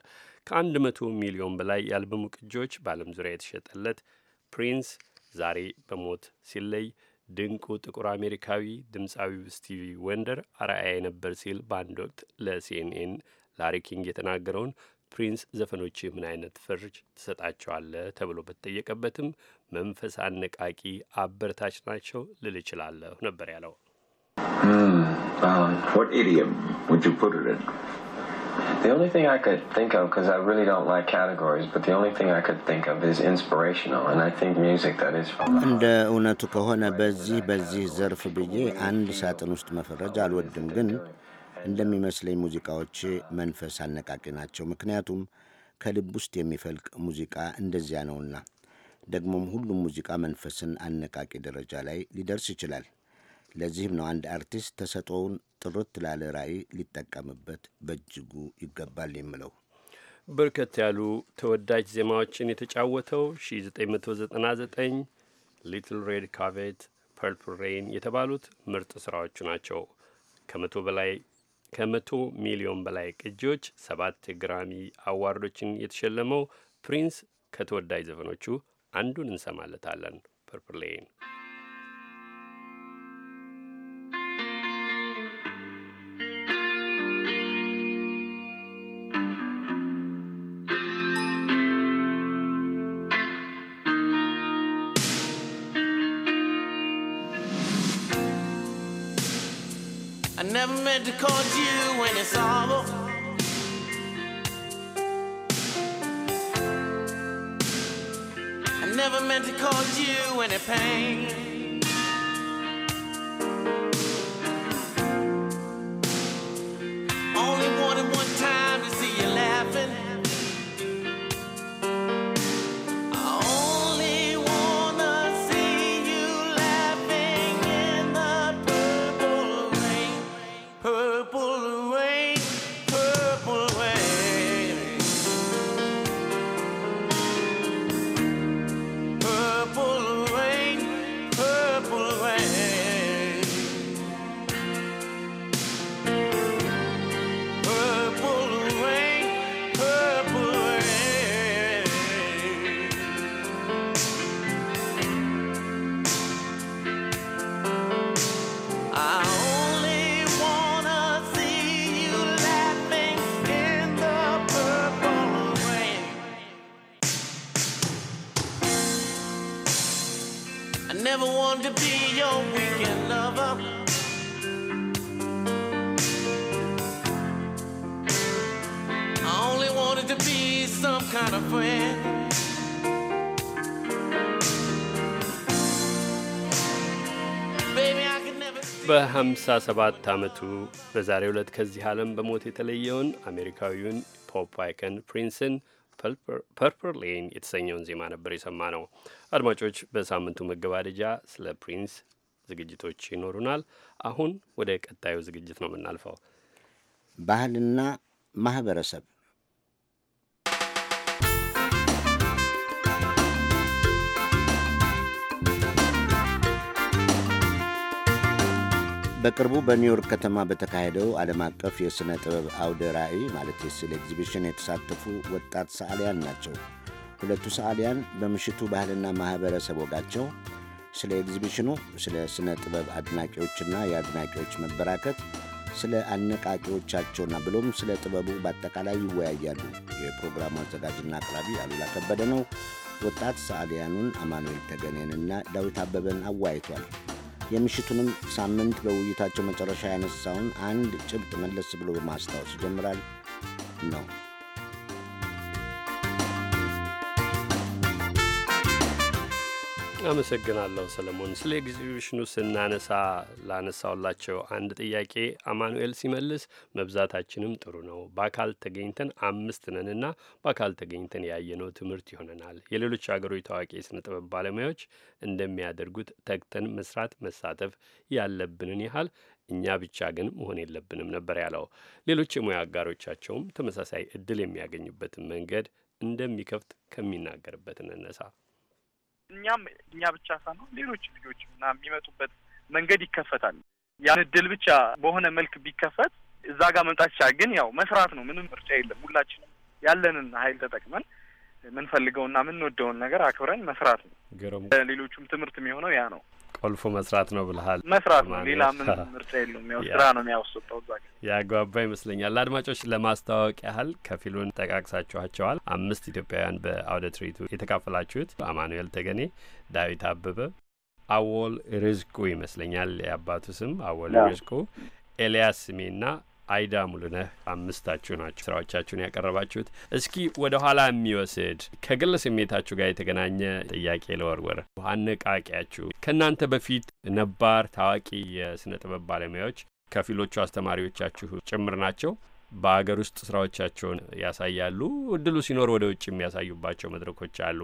ከ100 ሚሊዮን በላይ የአልበሙ ቅጂዎች በዓለም ዙሪያ የተሸጠለት ፕሪንስ ዛሬ በሞት ሲለይ ድንቁ ጥቁር አሜሪካዊ ድምፃዊ ስቲቪ ወንደር አርአያ ነበር ሲል በአንድ ወቅት ለሲኤንኤን ላሪ ኪንግ የተናገረውን ፕሪንስ ዘፈኖች ምን አይነት ፍርድ ትሰጣቸዋለህ ተብሎ በተጠየቀበትም መንፈስ አነቃቂ፣ አበረታች ናቸው ልል እችላለሁ ነበር ያለው። The only thing I could think of, because I really don't like categories, but the only thing I could think of is inspirational, and I think music that is from the እንደ እውነቱ ከሆነ በዚህ በዚህ ዘርፍ ብዬ አንድ ሳጥን ውስጥ መፈረጅ አልወድም፣ ግን እንደሚመስለኝ ሙዚቃዎች መንፈስ አነቃቂ ናቸው። ምክንያቱም ከልብ ውስጥ የሚፈልቅ ሙዚቃ እንደዚያ ነውና። ደግሞም ሁሉም ሙዚቃ መንፈስን አነቃቂ ደረጃ ላይ ሊደርስ ይችላል። ለዚህም ነው አንድ አርቲስት ተሰጥኦውን ጥርት ላለ ራዕይ ሊጠቀምበት በእጅጉ ይገባል የምለው። በርከት ያሉ ተወዳጅ ዜማዎችን የተጫወተው 1999 ሊትል ሬድ ካቬት፣ ፐርፕል ሬን የተባሉት ምርጥ ስራዎቹ ናቸው። ከመቶ በላይ ከመቶ ሚሊዮን በላይ ቅጂዎች ሰባት ግራሚ አዋርዶችን የተሸለመው ፕሪንስ ከተወዳጅ ዘፈኖቹ አንዱን እንሰማለታለን። ፐርፕሌን to call you when it's all over. I never meant to call you any pain. to be some kind of friend. በ57 ዓመቱ በዛሬ ዕለት ከዚህ ዓለም በሞት የተለየውን አሜሪካዊውን ፖፕ አይከን ፕሪንስን ፐርፐር ሌን የተሰኘውን ዜማ ነበር የሰማ ነው። አድማጮች፣ በሳምንቱ መገባደጃ ስለ ፕሪንስ ዝግጅቶች ይኖሩናል። አሁን ወደ ቀጣዩ ዝግጅት ነው የምናልፈው። ባህልና ማህበረሰብ በቅርቡ በኒውዮርክ ከተማ በተካሄደው ዓለም አቀፍ የሥነ ጥበብ አውደ ራእይ ማለት የስዕል ኤግዚቢሽን የተሳተፉ ወጣት ሰዓሊያን ናቸው። ሁለቱ ሰዓሊያን በምሽቱ ባህልና ማኅበረሰብ ወጋቸው ስለ ኤግዚቢሽኑ፣ ስለ ሥነ ጥበብ አድናቂዎችና የአድናቂዎች መበራከት፣ ስለ አነቃቂዎቻቸውና ብሎም ስለ ጥበቡ በአጠቃላይ ይወያያሉ። የፕሮግራሙ አዘጋጅና አቅራቢ አሉላ ከበደ ነው። ወጣት ሰዓሊያኑን አማኑኤል ተገኔንና ዳዊት አበበን አወያይቷል። የምሽቱንም ሳምንት በውይይታቸው መጨረሻ ያነሳውን አንድ ጭብጥ መለስ ብሎ በማስታወስ ይጀምራል ነው። አመሰግናለሁ ሰለሞን። ስለ ኤግዚቢሽኑ ስናነሳ ላነሳውላቸው አንድ ጥያቄ አማኑኤል ሲመልስ መብዛታችንም ጥሩ ነው፣ በአካል ተገኝተን አምስት ነንና በአካል ተገኝተን ያየነው ትምህርት ይሆነናል። የሌሎች አገሮች ታዋቂ የስነ ጥበብ ባለሙያዎች እንደሚያደርጉት ተግተን መስራት መሳተፍ ያለብንን ያህል እኛ ብቻ ግን መሆን የለብንም ነበር ያለው። ሌሎች የሙያ አጋሮቻቸውም ተመሳሳይ እድል የሚያገኙበትን መንገድ እንደሚከፍት ከሚናገርበት እንነሳ። እኛም እኛ ብቻ ሳይሆን ሌሎች ልጆች እና የሚመጡበት መንገድ ይከፈታል። ያን እድል ብቻ በሆነ መልክ ቢከፈት እዛ ጋር መምጣት ይቻል። ግን ያው መስራት ነው። ምንም ምርጫ የለም። ሁላችንም ያለንን ኃይል ተጠቅመን የምንፈልገውና የምንወደውን ነገር አክብረን መስራት ነው። ሌሎቹም ትምህርት የሚሆነው ያ ነው። ቆልፎ መስራት ነው ብልሃል። መስራት ነው፣ ሌላ ምን ምርጫ የለውም። ያው ስራ ነው የሚያወስጠው እዛ ያግባባ ይመስለኛል። ለአድማጮች ለማስተዋወቅ ያህል ከፊሉን ጠቃቅሳችኋቸዋል። አምስት ኢትዮጵያውያን በአውደ ትርኢቱ የተካፈላችሁት አማኑኤል ተገኔ፣ ዳዊት አበበ፣ አወል ሪዝቁ ይመስለኛል የአባቱ ስም አወል ሪዝቁ፣ ኤልያስ ስሜና አይዳ ሙሉነህ አምስታችሁ ናችሁ ስራዎቻችሁን ያቀረባችሁት። እስኪ ወደ ኋላ የሚወስድ ከግል ስሜታችሁ ጋር የተገናኘ ጥያቄ ለወርወር አነቃቂያችሁ ከእናንተ በፊት ነባር ታዋቂ የስነ ጥበብ ባለሙያዎች ከፊሎቹ አስተማሪዎቻችሁ ጭምር ናቸው። በአገር ውስጥ ስራዎቻቸውን ያሳያሉ። እድሉ ሲኖር ወደ ውጭ የሚያሳዩባቸው መድረኮች አሉ።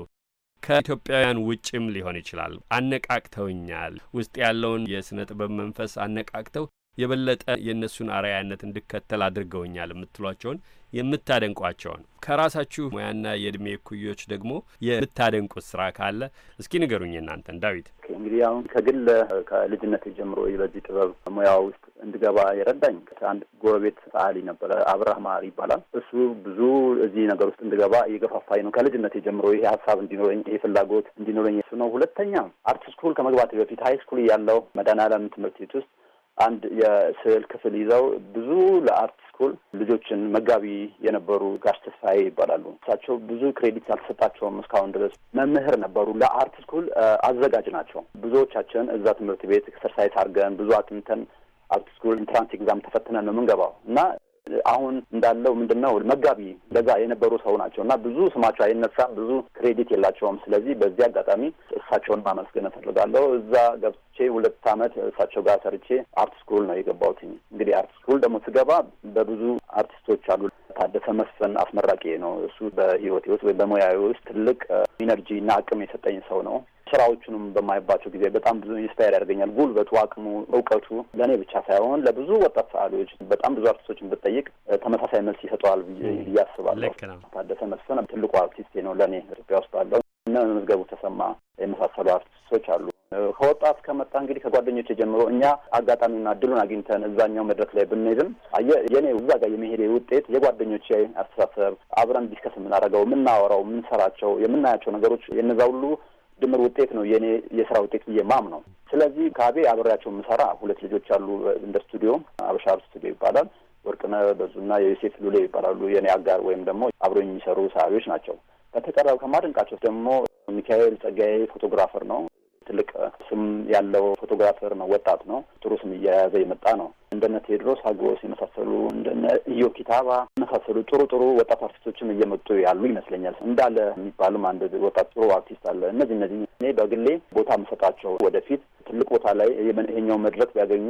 ከኢትዮጵያውያን ውጭም ሊሆን ይችላል። አነቃቅተውኛል፣ ውስጥ ያለውን የሥነ ጥበብ መንፈስ አነቃቅተው የበለጠ የእነሱን አርአያነት እንድከተል አድርገውኛል የምትሏቸውን የምታደንቋቸውን ከራሳችሁ ሙያና የእድሜ እኩዮች ደግሞ የምታደንቁት ስራ ካለ እስኪ ንገሩኝ እናንተን። ዳዊት እንግዲህ አሁን ከግል ከልጅነት ጀምሮ በዚህ ጥበብ ሙያ ውስጥ እንድገባ የረዳኝ አንድ ጎረቤት ሰዓሊ ነበረ፣ አብርሃም ማር ይባላል። እሱ ብዙ እዚህ ነገር ውስጥ እንድገባ እየገፋፋኝ ነው ከልጅነት ጀምሮ ይሄ ሀሳብ እንዲኖረኝ ይሄ ፍላጎት እንዲኖረኝ እሱ ነው። ሁለተኛ አርት ስኩል ከመግባት በፊት ሀይ ስኩል እያለሁ መድኃኔዓለም ትምህርት ቤት ውስጥ አንድ የስዕል ክፍል ይዘው ብዙ ለአርት ስኩል ልጆችን መጋቢ የነበሩ ጋሽ ተስፋዬ ይባላሉ። እሳቸው ብዙ ክሬዲት አልተሰጣቸውም እስካሁን ድረስ መምህር ነበሩ። ለአርት ስኩል አዘጋጅ ናቸው። ብዙዎቻችን እዛ ትምህርት ቤት ኤክሰርሳይዝ አድርገን ብዙ አጥንተን አርት ስኩል ኢንትራንስ ኤግዛም ተፈትነን ነው የምንገባው እና አሁን እንዳለው ምንድን ነው መጋቢ ለጋ የነበሩ ሰው ናቸው እና ብዙ ስማቸው አይነሳም፣ ብዙ ክሬዲት የላቸውም። ስለዚህ በዚህ አጋጣሚ እሳቸውን ማመስገን እፈልጋለሁ። እዛ ገብቼ ሁለት አመት እሳቸው ጋር ሰርቼ አርት ስኩል ነው የገባሁት። እንግዲህ አርት ስኩል ደግሞ ስገባ በብዙ አርቲስቶች አሉ። ታደሰ መስፍን አስመራቂ ነው። እሱ በህይወቴ ውስጥ ወይም በሙያዊ ውስጥ ትልቅ ኢነርጂ እና አቅም የሰጠኝ ሰው ነው። ስራዎቹንም በማይባቸው ጊዜ በጣም ብዙ ኢንስፓየር ያደርገኛል። ጉልበቱ፣ አቅሙ፣ እውቀቱ ለእኔ ብቻ ሳይሆን ለብዙ ወጣት ሰዓሊዎች በጣም ብዙ አርቲስቶችን ብጠይቅ ተመሳሳይ መልስ ይሰጠዋል ብዬ አስባለሁ። ታደሰ መስፍን ትልቁ አርቲስቴ ነው ለእኔ ኢትዮጵያ ውስጥ አለው። እነ መዝገቡ ተሰማ የመሳሰሉ አርቲስቶች አሉ። ከወጣት ከመጣ እንግዲህ ከጓደኞች ጀምሮ እኛ አጋጣሚና እድሉን አግኝተን እዛኛው መድረክ ላይ ብንሄድም አየህ የኔ እዛ ጋር የመሄድ ውጤት የጓደኞች አስተሳሰብ፣ አብረን ዲስከስ የምናደርገው፣ የምናወራው፣ የምንሰራቸው፣ የምናያቸው ነገሮች የነዛ ሁሉ ድምር ውጤት ነው የእኔ የስራ ውጤት ብዬ ማም ነው። ስለዚህ ካቤ አብሬያቸው የምሰራ ሁለት ልጆች አሉ። እንደ ስቱዲዮ አበሻር ስቱዲዮ ይባላል። ወርቅነ በዙና የዩሴፍ ሉሌ ይባላሉ። የእኔ አጋር ወይም ደግሞ አብሮ የሚሰሩ ሰዓሊዎች ናቸው። በተቀረው ከማድንቃቸው ደግሞ ሚካኤል ጸጋዬ ፎቶግራፈር ነው። ትልቅ ስም ያለው ፎቶግራፈር ነው። ወጣት ነው። ጥሩ ስም እየያዘ የመጣ ነው። እንደነ ቴድሮስ ሀጎስ የመሳሰሉ እንደነ ኢዮ ኪታባ የመሳሰሉ ጥሩ ጥሩ ወጣት አርቲስቶችም እየመጡ ያሉ ይመስለኛል። እንዳለ የሚባሉም አንድ ወጣት ጥሩ አርቲስት አለ። እነዚህ እነዚህ እኔ በግሌ ቦታ መሰጣቸው ወደፊት ትልቅ ቦታ ላይ ይሄኛው መድረክ ቢያገኙ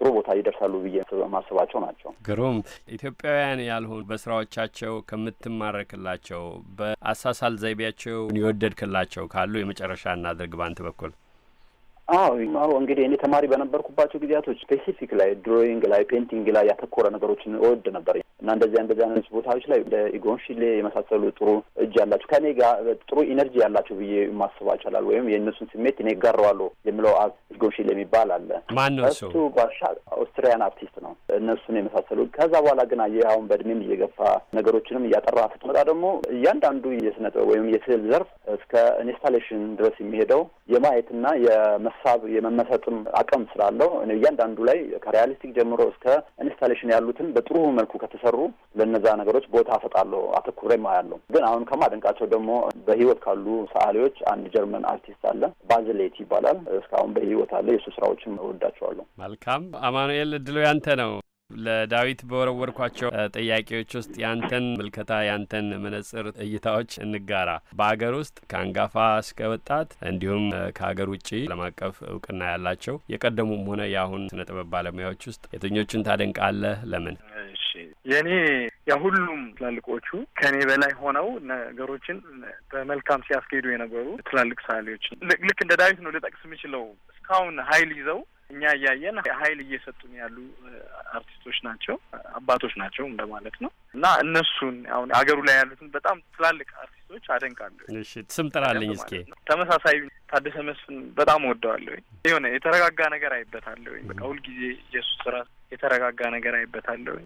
ጥሩ ቦታ ይደርሳሉ ብዬ ማስባቸው ናቸው። ግሩም ኢትዮጵያውያን ያልሆኑ በስራዎቻቸው ከምትማረክላቸው በአሳሳል ዘይቤያቸው የወደድክላቸው ካሉ የመጨረሻ እናድርግ ባንተ በኩል አዎ እንግዲህ እኔ ተማሪ በነበርኩባቸው ጊዜያቶች ስፔሲፊክ ላይ ድሮይንግ ላይ ፔንቲንግ ላይ ያተኮረ ነገሮችን እወድ ነበር እና እንደዚያ እንደዚያ አይነት ቦታዎች ላይ እንደ ኢጎንሽሌ የመሳሰሉ ጥሩ እጅ ያላቸው ከእኔ ጋር ጥሩ ኢነርጂ ያላቸው ብዬ ማስባ ይቻላል ወይም የእነሱን ስሜት እኔ ጋረዋለሁ የምለው ኢጎን ሺሌ የሚባል አለ። ማነው እሱ? ባሻ ኦስትሪያን አርቲስት ነው። እነሱን የመሳሰሉ ከዛ በኋላ ግን አየህ አሁን በእድሜም እየገፋ ነገሮችንም እያጠራ ስትመጣ ደግሞ እያንዳንዱ የስነ ወይም የስዕል ዘርፍ እስከ ኢንስታሌሽን ድረስ የሚሄደው የማየትና የመ ሀሳብ የመመሰጥም አቅም ስላለው እያንዳንዱ ላይ ከሪያሊስቲክ ጀምሮ እስከ ኢንስታሌሽን ያሉትን በጥሩ መልኩ ከተሰሩ ለነዛ ነገሮች ቦታ እሰጣለሁ፣ አተኩሬ ማያለው። ግን አሁን ከማደንቃቸው ደግሞ በህይወት ካሉ ሰዓሊዎች አንድ ጀርመን አርቲስት አለ፣ ባዝሌት ይባላል። እስካሁን በህይወት አለ። የእሱ ስራዎችን እወዳቸዋለሁ። መልካም አማኑኤል፣ እድሎ ያንተ ነው። ለዳዊት በወረወርኳቸው ጥያቄዎች ውስጥ ያንተን ምልከታ ያንተን መነጽር እይታዎች እንጋራ። በሀገር ውስጥ ከአንጋፋ እስከ ወጣት እንዲሁም ከሀገር ውጭ ዓለም አቀፍ እውቅና ያላቸው የቀደሙም ሆነ የአሁን ስነ ጥበብ ባለሙያዎች ውስጥ የትኞቹን ታደንቃለህ? ለምን? የኔ የእኔ የሁሉም ትላልቆቹ ከኔ በላይ ሆነው ነገሮችን በመልካም ሲያስኬዱ የነበሩ ትላልቅ ሰዓሊዎች ልክ እንደ ዳዊት ነው ልጠቅስ የምችለው እስካሁን ኃይል ይዘው እኛ እያየን ኃይል እየሰጡን ያሉ አርቲስቶች ናቸው፣ አባቶች ናቸው እንደማለት ነው። እና እነሱን አሁን አገሩ ላይ ያሉትን በጣም ትላልቅ አርቲስቶች አደንቃለሁ። ስም ጥራልኝ እስኪ። ተመሳሳይ ታደሰ መስፍን በጣም ወደዋለሁ። የሆነ የተረጋጋ ነገር አይበታለሁ። በቃ ሁልጊዜ የእሱ ስራ የተረጋጋ ነገር አይበታለሁ።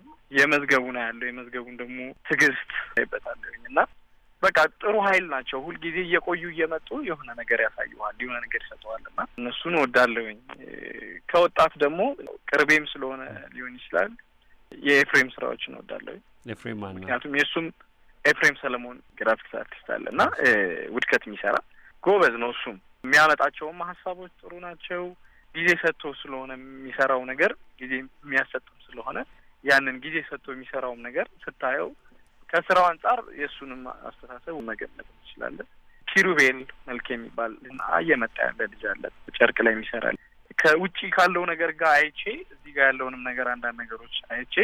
የመዝገቡን አያለሁ። የመዝገቡን ደግሞ ትዕግስት አይበታለሁኝ እና በቃ ጥሩ ኃይል ናቸው። ሁልጊዜ እየቆዩ እየመጡ የሆነ ነገር ያሳየዋል፣ የሆነ ነገር ይሰጠዋል እና እነሱን ወዳለውኝ። ከወጣት ደግሞ ቅርቤም ስለሆነ ሊሆን ይችላል የኤፍሬም ስራዎችን ወዳለሁ። ኤፍሬም ማን ነው? ምክንያቱም የእሱም ኤፍሬም ሰለሞን ግራፊክስ አርቲስት አለ እና ውድከት የሚሰራ ጎበዝ ነው። እሱም የሚያመጣቸውም ሀሳቦች ጥሩ ናቸው። ጊዜ ሰጥቶ ስለሆነ የሚሰራው ነገር ጊዜ የሚያሰጥም ስለሆነ ያንን ጊዜ ሰጥቶ የሚሰራውም ነገር ስታየው ከስራው አንጻር የእሱንም አስተሳሰብ መገመት እንችላለን። ኪሩቤል መልክ የሚባል እየመጣ ያለ ልጅ አለ። ጨርቅ ላይ የሚሰራል። ከውጭ ካለው ነገር ጋር አይቼ እዚህ ጋር ያለውንም ነገር አንዳንድ ነገሮች አይቼ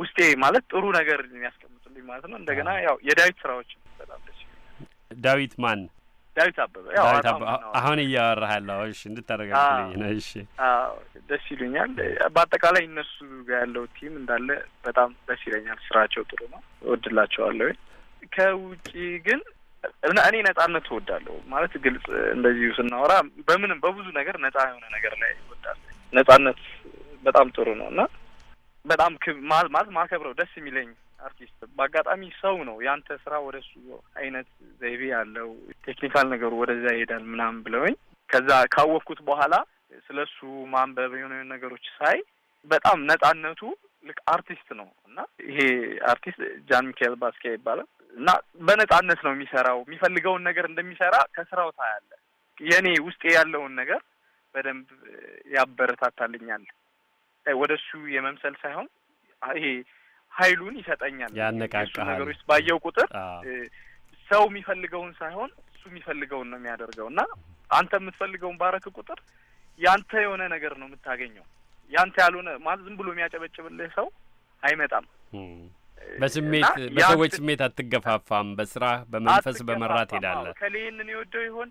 ውስጤ ማለት ጥሩ ነገር የሚያስቀምጡልኝ ማለት ነው። እንደገና ያው የዳዊት ስራዎች በጣም ደስ ዳዊት ማን ዳዊት አበበ ያው አሁን እያወራህ ያለው እሺ፣ እንድታረጋግጥልኝ ነው። እሺ፣ አዎ ደስ ይሉኛል። በአጠቃላይ እነሱ ጋር ያለው ቲም እንዳለ በጣም ደስ ይለኛል። ስራቸው ጥሩ ነው፣ እወድላቸዋለሁ። ከውጪ ግን እኔ ነጻነት እወዳለሁ ማለት ግልጽ፣ እንደዚሁ ስናወራ በምንም በብዙ ነገር ነጻ የሆነ ነገር ላይ እወዳለሁ። ነጻነት በጣም ጥሩ ነው እና በጣም ማለት ማከብረው ደስ የሚለኝ አርቲስት በአጋጣሚ ሰው ነው ያንተ ስራ ወደ እሱ አይነት ዘይቤ ያለው ቴክኒካል ነገሩ ወደዛ ይሄዳል ምናምን ብለውኝ ከዛ ካወቅኩት በኋላ ስለ እሱ ማንበብ የሆነ ነገሮች ሳይ በጣም ነጻነቱ ልክ አርቲስት ነው እና ይሄ አርቲስት ጃን ሚካኤል ባስኪያ ይባላል እና በነጻነት ነው የሚሰራው። የሚፈልገውን ነገር እንደሚሰራ ከስራው ታያለ። የእኔ ውስጤ ያለውን ነገር በደንብ ያበረታታልኛል። ወደ እሱ የመምሰል ሳይሆን ይሄ ኃይሉን ይሰጠኛል። ያነቃቃ ነገሮች ባየው ቁጥር ሰው የሚፈልገውን ሳይሆን እሱ የሚፈልገውን ነው የሚያደርገው እና አንተ የምትፈልገውን ባረክ ቁጥር ያንተ የሆነ ነገር ነው የምታገኘው። ያንተ ያልሆነ ማለት ዝም ብሎ የሚያጨበጭብልህ ሰው አይመጣም። በስሜት በሰዎች ስሜት አትገፋፋም። በስራ በመንፈስ በመራት ሄዳለህ። ከሌህንን ይወደው ይሆን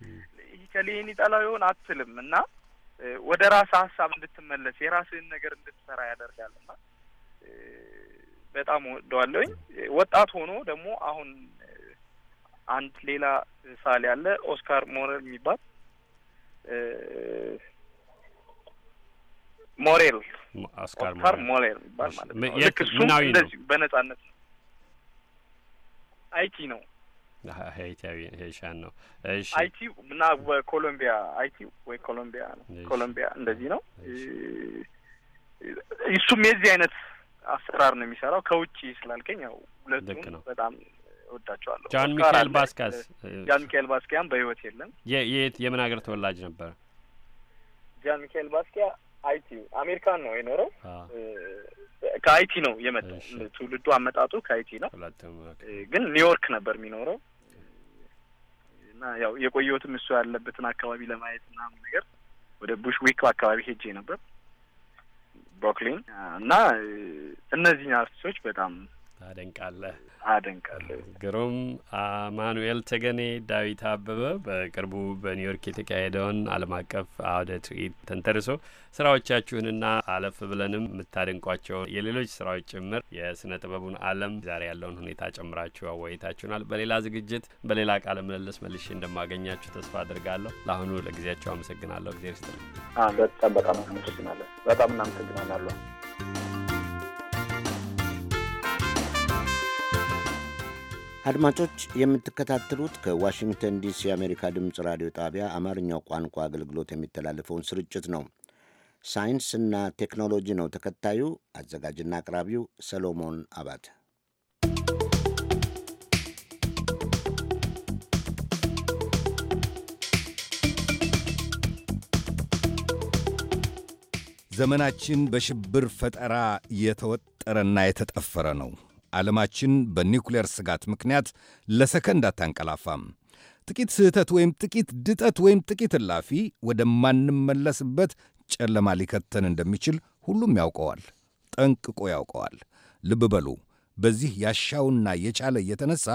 ከሌህን ይጠላው ይሆን አትልም እና ወደ ራስህ ሀሳብ እንድትመለስ የራስህን ነገር እንድትሰራ ያደርጋልና በጣም ወደዋለኝ። ወጣት ሆኖ ደግሞ አሁን አንድ ሌላ ሳል ያለ ኦስካር ሞረል የሚባል ሞሬል ኦስካር ሞሬል የሚባል ማለት ነው። ልክ እሱም እንደዚሁ በነጻነት አይቲ ነው ሀይቲያዊ ሄሻን ነው። እሺ አይቲ እና በኮሎምቢያ አይቲ ወይ ኮሎምቢያ ነው። ኮሎምቢያ እንደዚህ ነው። እሱም የዚህ አይነት አሰራር ነው የሚሰራው። ከውጭ ስላልከኝ ያው ሁለቱም በጣም ወዳቸዋለሁ። ጃን ሚካኤል ባስካስ ጃን ሚካኤል ባስኪያም በህይወት የለም። የት የምን ሀገር ተወላጅ ነበር? ጃን ሚካኤል ባስኪያ አይቲ አሜሪካን ነው የኖረው። ከአይቲ ነው የመጣው። ትውልዱ አመጣጡ ከአይቲ ነው፣ ግን ኒውዮርክ ነበር የሚኖረው እና ያው የቆየሁትም እሱ ያለበትን አካባቢ ለማየት ምናምን ነገር ወደ ቡሽ ዊክ አካባቢ ሄጄ ነበር። ቦክሊን እና እነዚህ አርቲስቶች በጣም አደንቃለህ አደንቃለሁ። ግሩም አማኑኤል ተገኔ፣ ዳዊት አበበ በቅርቡ በኒውዮርክ የተካሄደውን ዓለም አቀፍ አውደ ትርኢት ተንተርሶ ስራዎቻችሁንና አለፍ ብለንም የምታደንቋቸው የሌሎች ስራዎች ጭምር የስነ ጥበቡን ዓለም ዛሬ ያለውን ሁኔታ ጨምራችሁ አወያይታችሁናል። በሌላ ዝግጅት በሌላ ቃለ ምልልስ መልሼ እንደማገኛችሁ ተስፋ አድርጋለሁ። ለአሁኑ ለጊዜያቸው አመሰግናለሁ። እግዜር ይስጥልኝ። በጣም በጣም አመሰግናለሁ። በጣም እናመሰግናለሁ። አድማጮች የምትከታተሉት ከዋሽንግተን ዲሲ የአሜሪካ ድምፅ ራዲዮ ጣቢያ አማርኛው ቋንቋ አገልግሎት የሚተላለፈውን ስርጭት ነው። ሳይንስና ቴክኖሎጂ ነው ተከታዩ። አዘጋጅና አቅራቢው ሰሎሞን አባተ። ዘመናችን በሽብር ፈጠራ የተወጠረና የተጠፈረ ነው። ዓለማችን በኒውክሌር ስጋት ምክንያት ለሰከንድ አታንቀላፋም። ጥቂት ስህተት ወይም ጥቂት ድጠት ወይም ጥቂት እላፊ ወደማንመለስበት ጨለማ ሊከተን እንደሚችል ሁሉም ያውቀዋል፣ ጠንቅቆ ያውቀዋል። ልብ በሉ። በዚህ ያሻውና የቻለ እየተነሳ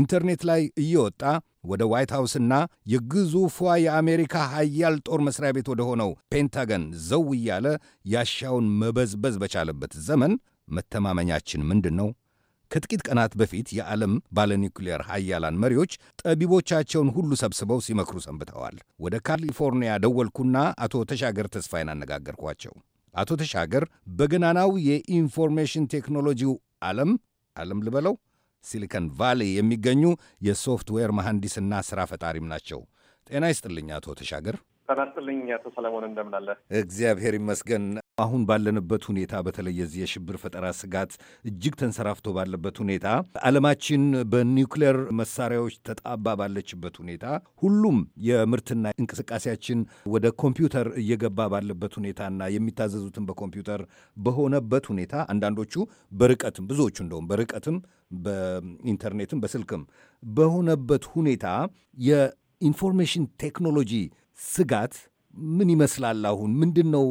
ኢንተርኔት ላይ እየወጣ ወደ ዋይት ሃውስና የግዙፏ የአሜሪካ ሀያል ጦር መስሪያ ቤት ወደ ሆነው ፔንታገን ዘው እያለ ያሻውን መበዝበዝ በቻለበት ዘመን መተማመኛችን ምንድን ነው? ከጥቂት ቀናት በፊት የዓለም ባለኒኩሌር ሀያላን መሪዎች ጠቢቦቻቸውን ሁሉ ሰብስበው ሲመክሩ ሰንብተዋል። ወደ ካሊፎርኒያ ደወልኩና አቶ ተሻገር ተስፋይን አነጋገርኳቸው። አቶ ተሻገር በገናናው የኢንፎርሜሽን ቴክኖሎጂው ዓለም ዓለም ልበለው ሲሊከን ቫሊ የሚገኙ የሶፍትዌር መሐንዲስና ሥራ ፈጣሪም ናቸው። ጤና ይስጥልኝ አቶ ተሻገር። ተናስጥልኝ ይስጥልኝ አቶ ሰለሞን እንደምን እግዚአብሔር ይመስገን። አሁን ባለንበት ሁኔታ በተለይ የዚህ የሽብር ፈጠራ ስጋት እጅግ ተንሰራፍቶ ባለበት ሁኔታ ዓለማችን በኒውክሌር መሳሪያዎች ተጣባ ባለችበት ሁኔታ ሁሉም የምርትና እንቅስቃሴያችን ወደ ኮምፒውተር እየገባ ባለበት ሁኔታና የሚታዘዙትን በኮምፒውተር በሆነበት ሁኔታ አንዳንዶቹ በርቀትም ብዙዎቹ እንደውም በርቀትም በኢንተርኔትም በስልክም በሆነበት ሁኔታ የኢንፎርሜሽን ቴክኖሎጂ ስጋት ምን ይመስላል? አሁን ምንድን ነው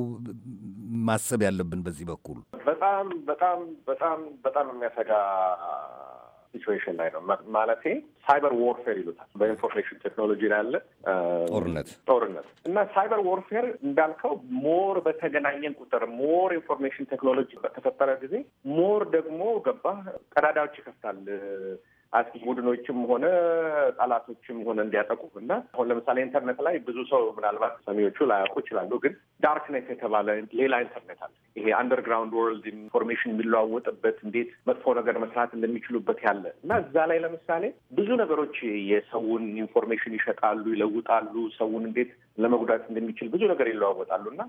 ማሰብ ያለብን በዚህ በኩል? በጣም በጣም በጣም በጣም የሚያሰጋ ሲቹዌሽን ላይ ነው። ማለቴ ሳይበር ዎርፌር ይሉታል። በኢንፎርሜሽን ቴክኖሎጂ ላይ ያለ ጦርነት ጦርነት እና ሳይበር ዎርፌር እንዳልከው ሞር በተገናኘን ቁጥር ሞር ኢንፎርሜሽን ቴክኖሎጂ በተፈጠረ ጊዜ ሞር ደግሞ ገባ ቀዳዳዎች ይከፍታል አስኪ ቡድኖችም ሆነ ጠላቶችም ሆነ እንዲያጠቁ እና አሁን ለምሳሌ ኢንተርኔት ላይ ብዙ ሰው ምናልባት ሰሚዎቹ ላያውቁ ይችላሉ፣ ግን ዳርክኔት የተባለ ሌላ ኢንተርኔት አለ። ይሄ አንደርግራውንድ ወርልድ ኢንፎርሜሽን የሚለዋወጥበት እንዴት መጥፎ ነገር መስራት እንደሚችሉበት ያለ እና እዛ ላይ ለምሳሌ ብዙ ነገሮች የሰውን ኢንፎርሜሽን ይሸጣሉ፣ ይለውጣሉ፣ ሰውን እንዴት ለመጉዳት እንደሚችል ብዙ ነገር ይለዋወጣሉ እና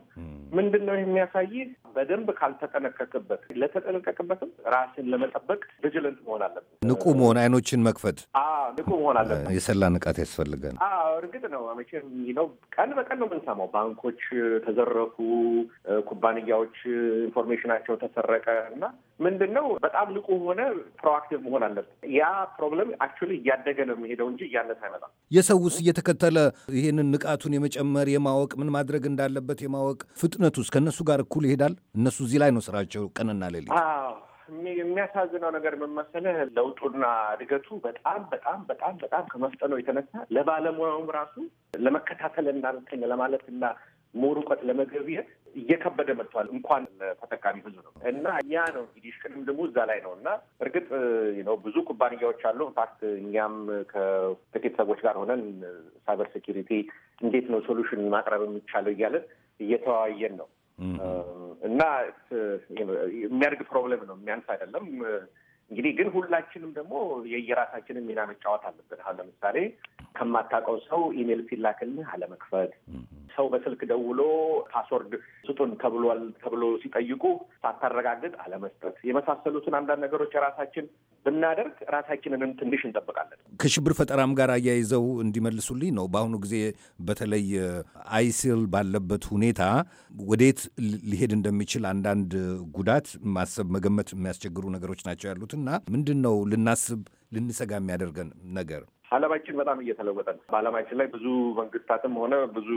ምንድን ነው የሚያሳይ በደንብ ካልተጠነቀቅበት ለተጠነቀቅበትም ራስን ለመጠበቅ ቪጅለንት መሆን አለበት። ንቁ መሆን አይኖችን መክፈት ንቁ መሆን አለበት። የሰላ ንቃት ያስፈልገን። እርግጥ ነው መቼም ነው ቀን በቀን ነው የምንሰማው። ባንኮች ተዘረፉ፣ ኩባንያዎች ኢንፎርሜሽናቸው ተሰረቀ እና ምንድን ነው በጣም ንቁ ሆነ ፕሮአክቲቭ መሆን አለበት። ያ ፕሮብለም አክቹዋሊ እያደገ ነው የሚሄደው እንጂ እያነሰ አይመጣም። የሰውስ እየተከተለ ይሄንን ንቃቱን የመጨ የመጨመር የማወቅ ምን ማድረግ እንዳለበት የማወቅ ውስጥ ከእነሱ ጋር እኩል ይሄዳል? እነሱ እዚህ ላይ ነው ስራቸው ቀንና ሌሊት። የሚያሳዝነው ነገር ምን መሰለህ፣ ለውጡና እድገቱ በጣም በጣም በጣም በጣም ከመፍጠኑ የተነሳ ለባለሙያውም ራሱ ለመከታተል እና ለማለት እና እውቀት ለመገብየት እየከበደ መጥቷል። እንኳን ተጠቃሚ ህዝብ ነው እና እኛ ነው እንግዲህ ቅድም ደግሞ እዛ ላይ ነው እና እርግጥ ነው ብዙ ኩባንያዎች አሉ። ኢንፋክት እኛም ከጥቂት ሰዎች ጋር ሆነን ሳይበር ሴኪሪቲ እንዴት ነው ሶሉሽን ማቅረብ የሚቻለው እያለን እየተወያየን ነው እና የሚያድግ ፕሮብለም ነው የሚያንስ አይደለም። እንግዲህ ግን ሁላችንም ደግሞ የየራሳችንን ሚና መጫወት አለብን። አሁን ለምሳሌ ከማታውቀው ሰው ኢሜል ሲላክልህ አለመክፈት፣ ሰው በስልክ ደውሎ ፓስወርድ ስጡን ተብሏል ተብሎ ሲጠይቁ ሳታረጋግጥ አለመስጠት፣ የመሳሰሉትን አንዳንድ ነገሮች የራሳችን ብናደርግ ራሳችንን ትንሽ እንጠብቃለን። ከሽብር ፈጠራም ጋር አያይዘው እንዲመልሱልኝ ነው። በአሁኑ ጊዜ በተለይ አይሲል ባለበት ሁኔታ ወዴት ሊሄድ እንደሚችል አንዳንድ ጉዳት ማሰብ መገመት የሚያስቸግሩ ነገሮች ናቸው ያሉትን እና ምንድን ነው ልናስብ ልንሰጋ የሚያደርገን ነገር? አለማችን በጣም እየተለወጠ ነው። በአለማችን ላይ ብዙ መንግስታትም ሆነ ብዙ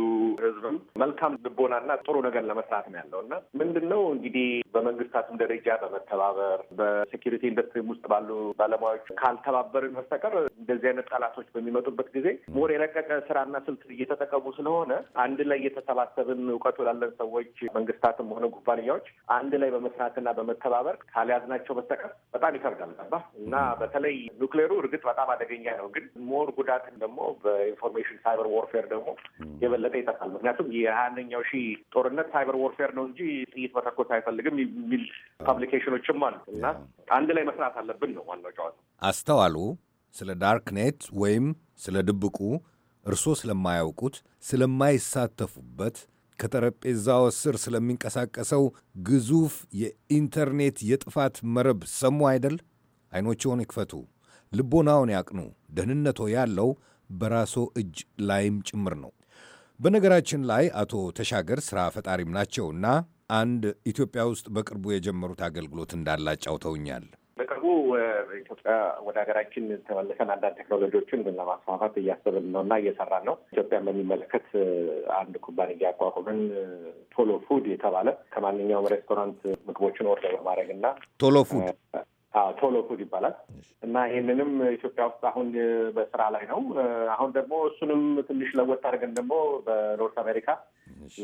ህዝብም መልካም ልቦናና ጥሩ ነገር ለመስራት ነው ያለው እና ምንድን ነው እንግዲህ በመንግስታትም ደረጃ በመተባበር በሴኪሪቲ ኢንዱስትሪ ውስጥ ባሉ ባለሙያዎች ካልተባበርን በስተቀር እንደዚህ አይነት ጠላቶች በሚመጡበት ጊዜ ሞር የረቀቀ ስራና ስልት እየተጠቀሙ ስለሆነ አንድ ላይ እየተሰባሰብን እውቀቱ ላለን ሰዎች መንግስታትም ሆነ ኩባንያዎች አንድ ላይ በመስራትና በመተባበር ካልያዝናቸው በስተቀር በጣም ይከብዳል። ገባ እና በተለይ ኑክሌሩ እርግጥ በጣም አደገኛ ነው ግን ሞር ጉዳትን ደግሞ በኢንፎርሜሽን ሳይበር ወርፌር ደግሞ የበለጠ ይጠፋል። ምክንያቱም የአንደኛው ሺ ጦርነት ሳይበር ወርፌር ነው እንጂ ጥይት መተኮስ አይፈልግም የሚል ፐብሊኬሽኖችም አሉ እና አንድ ላይ መስራት አለብን ነው ዋናው ጨዋታ። አስተዋሉ ስለ ዳርክኔት ወይም ስለ ድብቁ እርስዎ ስለማያውቁት ስለማይሳተፉበት ከጠረጴዛው ስር ስለሚንቀሳቀሰው ግዙፍ የኢንተርኔት የጥፋት መረብ ሰሙ አይደል? አይኖችዎን ይክፈቱ። ልቦናውን ያቅኑ። ደህንነቶ ያለው በራሶ እጅ ላይም ጭምር ነው። በነገራችን ላይ አቶ ተሻገር ስራ ፈጣሪም ናቸውና አንድ ኢትዮጵያ ውስጥ በቅርቡ የጀመሩት አገልግሎት እንዳላጫውተውኛል። በቅርቡ ኢትዮጵያ ወደ ሀገራችን ተመልሰን አንዳንድ ቴክኖሎጂዎችን ግን ለማስፋፋት እያሰብን ነው እና እየሰራን ነው። ኢትዮጵያን በሚመለከት አንድ ኩባንያ አቋቁመን ቶሎ ፉድ የተባለ ከማንኛውም ሬስቶራንት ምግቦችን ወርደ በማድረግ እና ቶሎ ፉድ ቶሎ ፉድ ይባላል እና ይህንንም ኢትዮጵያ ውስጥ አሁን በስራ ላይ ነው። አሁን ደግሞ እሱንም ትንሽ ለወጥ አድርገን ደግሞ በኖርት አሜሪካ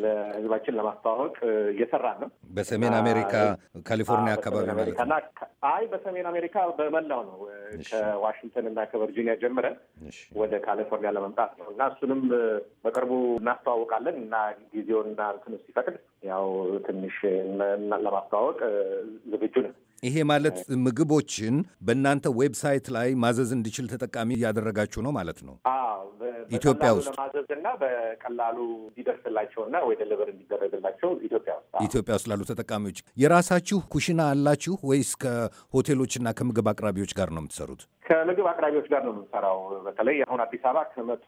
ለህዝባችን ለማስተዋወቅ እየሰራን ነው። በሰሜን አሜሪካ ካሊፎርኒያ አካባቢ ማለት ነው። አይ በሰሜን አሜሪካ በመላው ነው። ከዋሽንግተን እና ከቨርጂኒያ ጀምረን ወደ ካሊፎርኒያ ለመምጣት ነው እና እሱንም በቅርቡ እናስተዋውቃለን እና ጊዜውን እና እንትኑ ሲፈቅድ ያው ትንሽ ለማስተዋወቅ ዝግጁ ነን። ይሄ ማለት ምግቦችን በእናንተ ዌብሳይት ላይ ማዘዝ እንዲችል ተጠቃሚ እያደረጋችሁ ነው ማለት ነው? አዎ ኢትዮጵያ ውስጥ ለማዘዝ እና በቀላሉ እንዲደርስላቸውና ወይ ደሊቨር እንዲደረግላቸው ኢትዮጵያ ውስጥ ኢትዮጵያ ውስጥ ላሉ ተጠቃሚዎች የራሳችሁ ኩሽና አላችሁ ወይስ ከሆቴሎችና ከምግብ አቅራቢዎች ጋር ነው የምትሰሩት? ከምግብ አቅራቢዎች ጋር ነው የምንሰራው። በተለይ አሁን አዲስ አበባ ከመቶ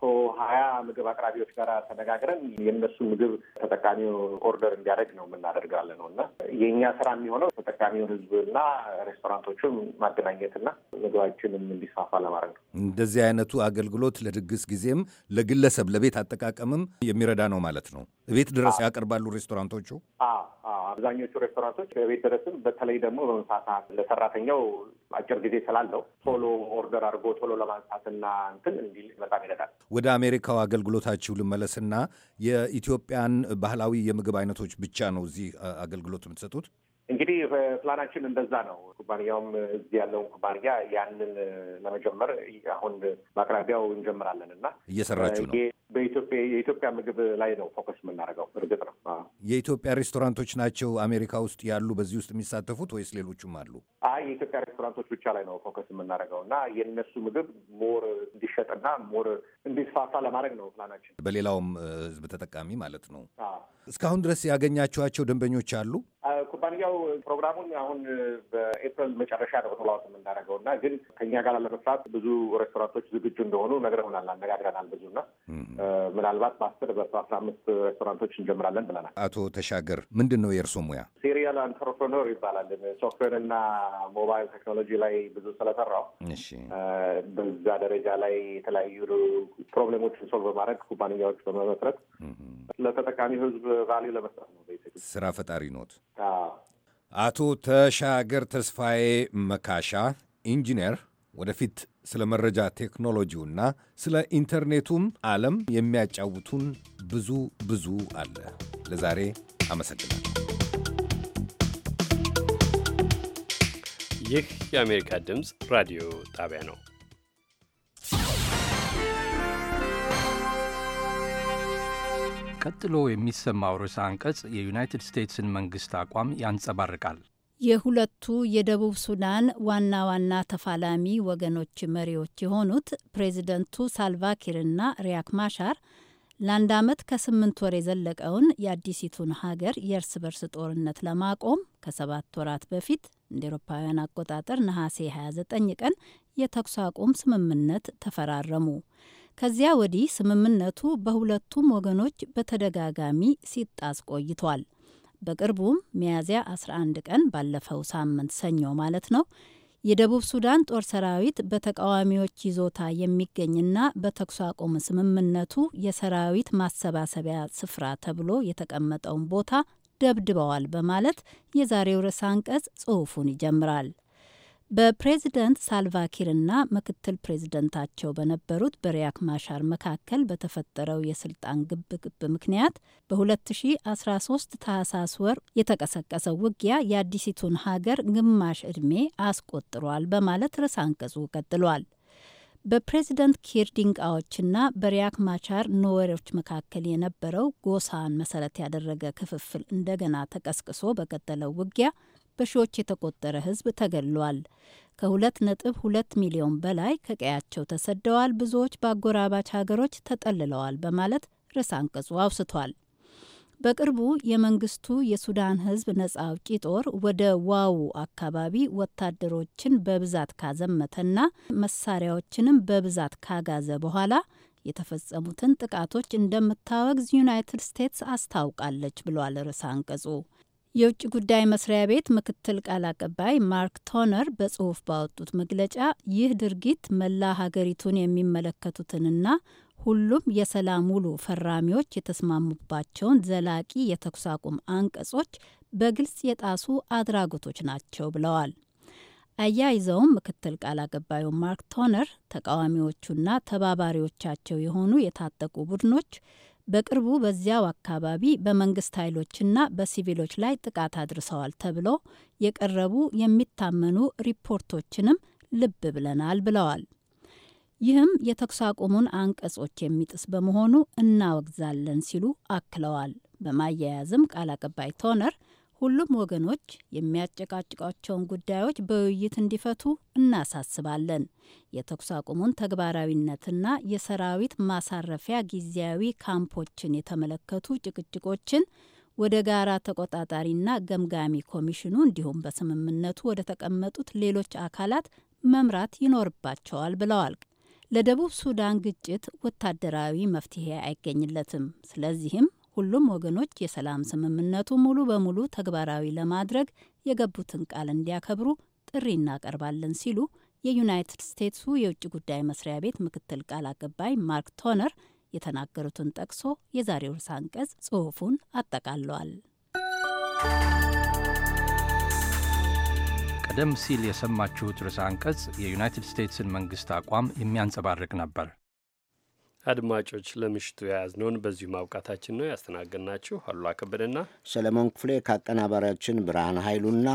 ሀያ ምግብ አቅራቢዎች ጋር ተነጋግረን የእነሱ ምግብ ተጠቃሚው ኦርደር እንዲያደርግ ነው የምናደርጋለ ነው እና የእኛ ስራ የሚሆነው ተጠቃሚውን ሕዝብና ሬስቶራንቶቹን ማገናኘትና ምግባችንም እንዲስፋፋ ለማድረግ ነው። እንደዚህ አይነቱ አገልግሎት ለድግስ ጊዜም ለግለሰብ ለቤት አጠቃቀምም የሚረዳ ነው ማለት ነው። ቤት ድረስ ያቀርባሉ ሬስቶራንቶቹ። አብዛኞቹ ሬስቶራንቶች በቤት ድረስም፣ በተለይ ደግሞ በምሳ ሰዓት ለሰራተኛው አጭር ጊዜ ስላለው ቶሎ ኦርደር አድርጎ ቶሎ ለማንሳትና እንትን እንዲል በጣም ይረዳል። ወደ አሜሪካው አገልግሎታችሁ ልመለስና የኢትዮጵያን ባህላዊ የምግብ አይነቶች ብቻ ነው እዚህ አገልግሎት የምትሰጡት? እንግዲህ ፕላናችን እንደዛ ነው። ኩባንያውም እዚህ ያለውን ኩባንያ ያንን ለመጀመር አሁን በአቅራቢያው እንጀምራለን እና እየሰራችሁ ነው። የኢትዮጵያ ምግብ ላይ ነው ፎከስ የምናደርገው። እርግጥ ነው የኢትዮጵያ ሬስቶራንቶች ናቸው አሜሪካ ውስጥ ያሉ በዚህ ውስጥ የሚሳተፉት ወይስ ሌሎቹም አሉ? አይ የኢትዮጵያ ሬስቶራንቶች ብቻ ላይ ነው ፎከስ የምናደርገው እና የነሱ ምግብ ሞር እንዲሸጥና ሞር እንዲስፋፋ ለማድረግ ነው ፕላናችን። በሌላውም ህዝብ ተጠቃሚ ማለት ነው። እስካሁን ድረስ ያገኛችኋቸው ደንበኞች አሉ? ኩባንያው ፕሮግራሙን አሁን በኤፕሪል መጨረሻ ነው ተለዋወጥ የምናደርገው እና ግን ከኛ ጋር ለመስራት ብዙ ሬስቶራንቶች ዝግጁ እንደሆኑ ነግረውናል፣ አነጋግረናል ብዙ እና ምናልባት በአስር በአስራ አምስት ሬስቶራንቶች እንጀምራለን ብለናል። አቶ ተሻገር ምንድን ነው የእርሶ ሙያ? ሴሪያል አንትረፕረኖር ይባላል። ሶፍትዌር እና ሞባይል ቴክኖሎጂ ላይ ብዙ ስለሰራው በዛ ደረጃ ላይ የተለያዩ ፕሮብሌሞችን ሶልቭ በማድረግ ኩባንያዎች በመመስረት ለተጠቃሚ ህዝብ ቫሊዩ ለመስጠት ነው። ስራ ፈጣሪ ኖት። አቶ ተሻገር ተስፋዬ መካሻ ኢንጂነር፣ ወደፊት ስለ መረጃ ቴክኖሎጂውና ስለ ኢንተርኔቱም ዓለም የሚያጫውቱን ብዙ ብዙ አለ። ለዛሬ አመሰግናለሁ። ይህ የአሜሪካ ድምፅ ራዲዮ ጣቢያ ነው። ቀጥሎ የሚሰማው ርዕሰ አንቀጽ የዩናይትድ ስቴትስን መንግስት አቋም ያንጸባርቃል። የሁለቱ የደቡብ ሱዳን ዋና ዋና ተፋላሚ ወገኖች መሪዎች የሆኑት ፕሬዚደንቱ ሳልቫኪርና ሪያክ ማሻር ለአንድ ዓመት ከስምንት ወር የዘለቀውን የአዲሲቱን ሀገር የእርስ በርስ ጦርነት ለማቆም ከሰባት ወራት በፊት እንደ ኤሮፓውያን አቆጣጠር ነሐሴ 29 ቀን የተኩስ አቁም ስምምነት ተፈራረሙ። ከዚያ ወዲህ ስምምነቱ በሁለቱም ወገኖች በተደጋጋሚ ሲጣስ ቆይቷል። በቅርቡም ሚያዝያ 11 ቀን ባለፈው ሳምንት ሰኞ ማለት ነው የደቡብ ሱዳን ጦር ሰራዊት በተቃዋሚዎች ይዞታ የሚገኝና በተኩስ አቁም ስምምነቱ የሰራዊት ማሰባሰቢያ ስፍራ ተብሎ የተቀመጠውን ቦታ ደብድበዋል በማለት የዛሬው ርዕሰ አንቀጽ ጽሑፉን ይጀምራል። በፕሬዝደንት ሳልቫኪር እና ምክትል ፕሬዝደንታቸው በነበሩት በሪያክ ማሻር መካከል በተፈጠረው የስልጣን ግብግብ ምክንያት በ2013 ታህሳስ ወር የተቀሰቀሰው ውጊያ የአዲሲቱን ሀገር ግማሽ ዕድሜ አስቆጥሯል በማለት ርዕሰ አንቀጹ ቀጥሏል። በፕሬዝደንት ኪር ዲንቃዎችና በሪያክ ማቻር ኖዌሮች መካከል የነበረው ጎሳን መሰረት ያደረገ ክፍፍል እንደገና ተቀስቅሶ በቀጠለው ውጊያ በሺዎች የተቆጠረ ህዝብ ተገድሏል። ከ2.2 ሚሊዮን በላይ ከቀያቸው ተሰደዋል፣ ብዙዎች በአጎራባች ሀገሮች ተጠልለዋል በማለት ርዕስ አንቀጹ አውስቷል። በቅርቡ የመንግስቱ የሱዳን ህዝብ ነጻ አውጪ ጦር ወደ ዋው አካባቢ ወታደሮችን በብዛት ካዘመተና መሳሪያዎችንም በብዛት ካጋዘ በኋላ የተፈጸሙትን ጥቃቶች እንደምታወግዝ ዩናይትድ ስቴትስ አስታውቃለች ብሏል ርዕስ አንቀጹ። የውጭ ጉዳይ መስሪያ ቤት ምክትል ቃል አቀባይ ማርክ ቶነር በጽሁፍ ባወጡት መግለጫ ይህ ድርጊት መላ ሀገሪቱን የሚመለከቱትንና ሁሉም የሰላም ውሉ ፈራሚዎች የተስማሙባቸውን ዘላቂ የተኩስ አቁም አንቀጾች በግልጽ የጣሱ አድራጎቶች ናቸው ብለዋል። አያይዘውም ምክትል ቃል አቀባዩ ማርክ ቶነር ተቃዋሚዎቹና ተባባሪዎቻቸው የሆኑ የታጠቁ ቡድኖች በቅርቡ በዚያው አካባቢ በመንግስት ኃይሎችና በሲቪሎች ላይ ጥቃት አድርሰዋል ተብሎ የቀረቡ የሚታመኑ ሪፖርቶችንም ልብ ብለናል ብለዋል። ይህም የተኩስ አቁሙን አንቀጾች የሚጥስ በመሆኑ እናወግዛለን ሲሉ አክለዋል። በማያያዝም ቃል አቀባይ ቶነር ሁሉም ወገኖች የሚያጨቃጭቋቸውን ጉዳዮች በውይይት እንዲፈቱ እናሳስባለን። የተኩስ አቁሙን ተግባራዊነትና የሰራዊት ማሳረፊያ ጊዜያዊ ካምፖችን የተመለከቱ ጭቅጭቆችን ወደ ጋራ ተቆጣጣሪና ገምጋሚ ኮሚሽኑ እንዲሁም በስምምነቱ ወደ ተቀመጡት ሌሎች አካላት መምራት ይኖርባቸዋል ብለዋል። ለደቡብ ሱዳን ግጭት ወታደራዊ መፍትሄ አይገኝለትም። ስለዚህም ሁሉም ወገኖች የሰላም ስምምነቱ ሙሉ በሙሉ ተግባራዊ ለማድረግ የገቡትን ቃል እንዲያከብሩ ጥሪ እናቀርባለን ሲሉ የዩናይትድ ስቴትሱ የውጭ ጉዳይ መስሪያ ቤት ምክትል ቃል አቀባይ ማርክ ቶነር የተናገሩትን ጠቅሶ የዛሬው ርዕሰ አንቀጽ ጽሑፉን አጠቃለዋል። ቀደም ሲል የሰማችሁት ርዕሰ አንቀጽ የዩናይትድ ስቴትስን መንግስት አቋም የሚያንጸባርቅ ነበር። አድማጮች ለምሽቱ የያዝነውን በዚሁ ማብቃታችን ነው። ያስተናገድናችሁ አሉላ ከበደና ሰለሞን ክፍሌ ከአቀናባሪያችን ብርሃን ኃይሉና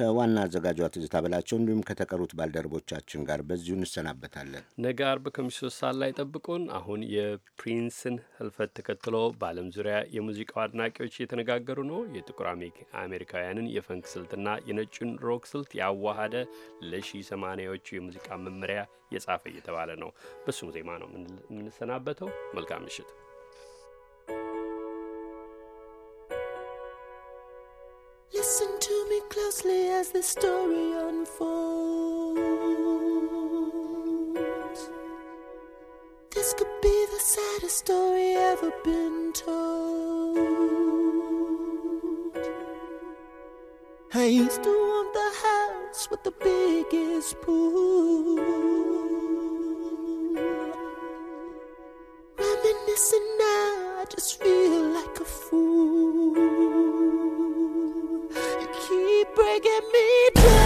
ከዋና አዘጋጇ ትዝታ በላቸው እንዲሁም ከተቀሩት ባልደረቦቻችን ጋር በዚሁ እንሰናበታለን። ነገ አርብ ከምሽቱ ሶስት ሰዓት ላይ ጠብቁን። አሁን የፕሪንስን ህልፈት ተከትሎ በዓለም ዙሪያ የሙዚቃው አድናቂዎች እየተነጋገሩ ነው። የጥቁር አሜሪካውያንን የፈንክ ስልትና የነጩን ሮክ ስልት ያዋሃደ ለሺ ሰማንያዎቹ የሙዚቃ መመሪያ የጻፈ እየተባለ ነው። በሱም ዜማ ነው የምንሰናበተው። መልካም ምሽት። closely as the story unfolds. This could be the saddest story ever been told. I used to want the house with the biggest pool. Reminiscing now, I just feel like a fool breaking me down.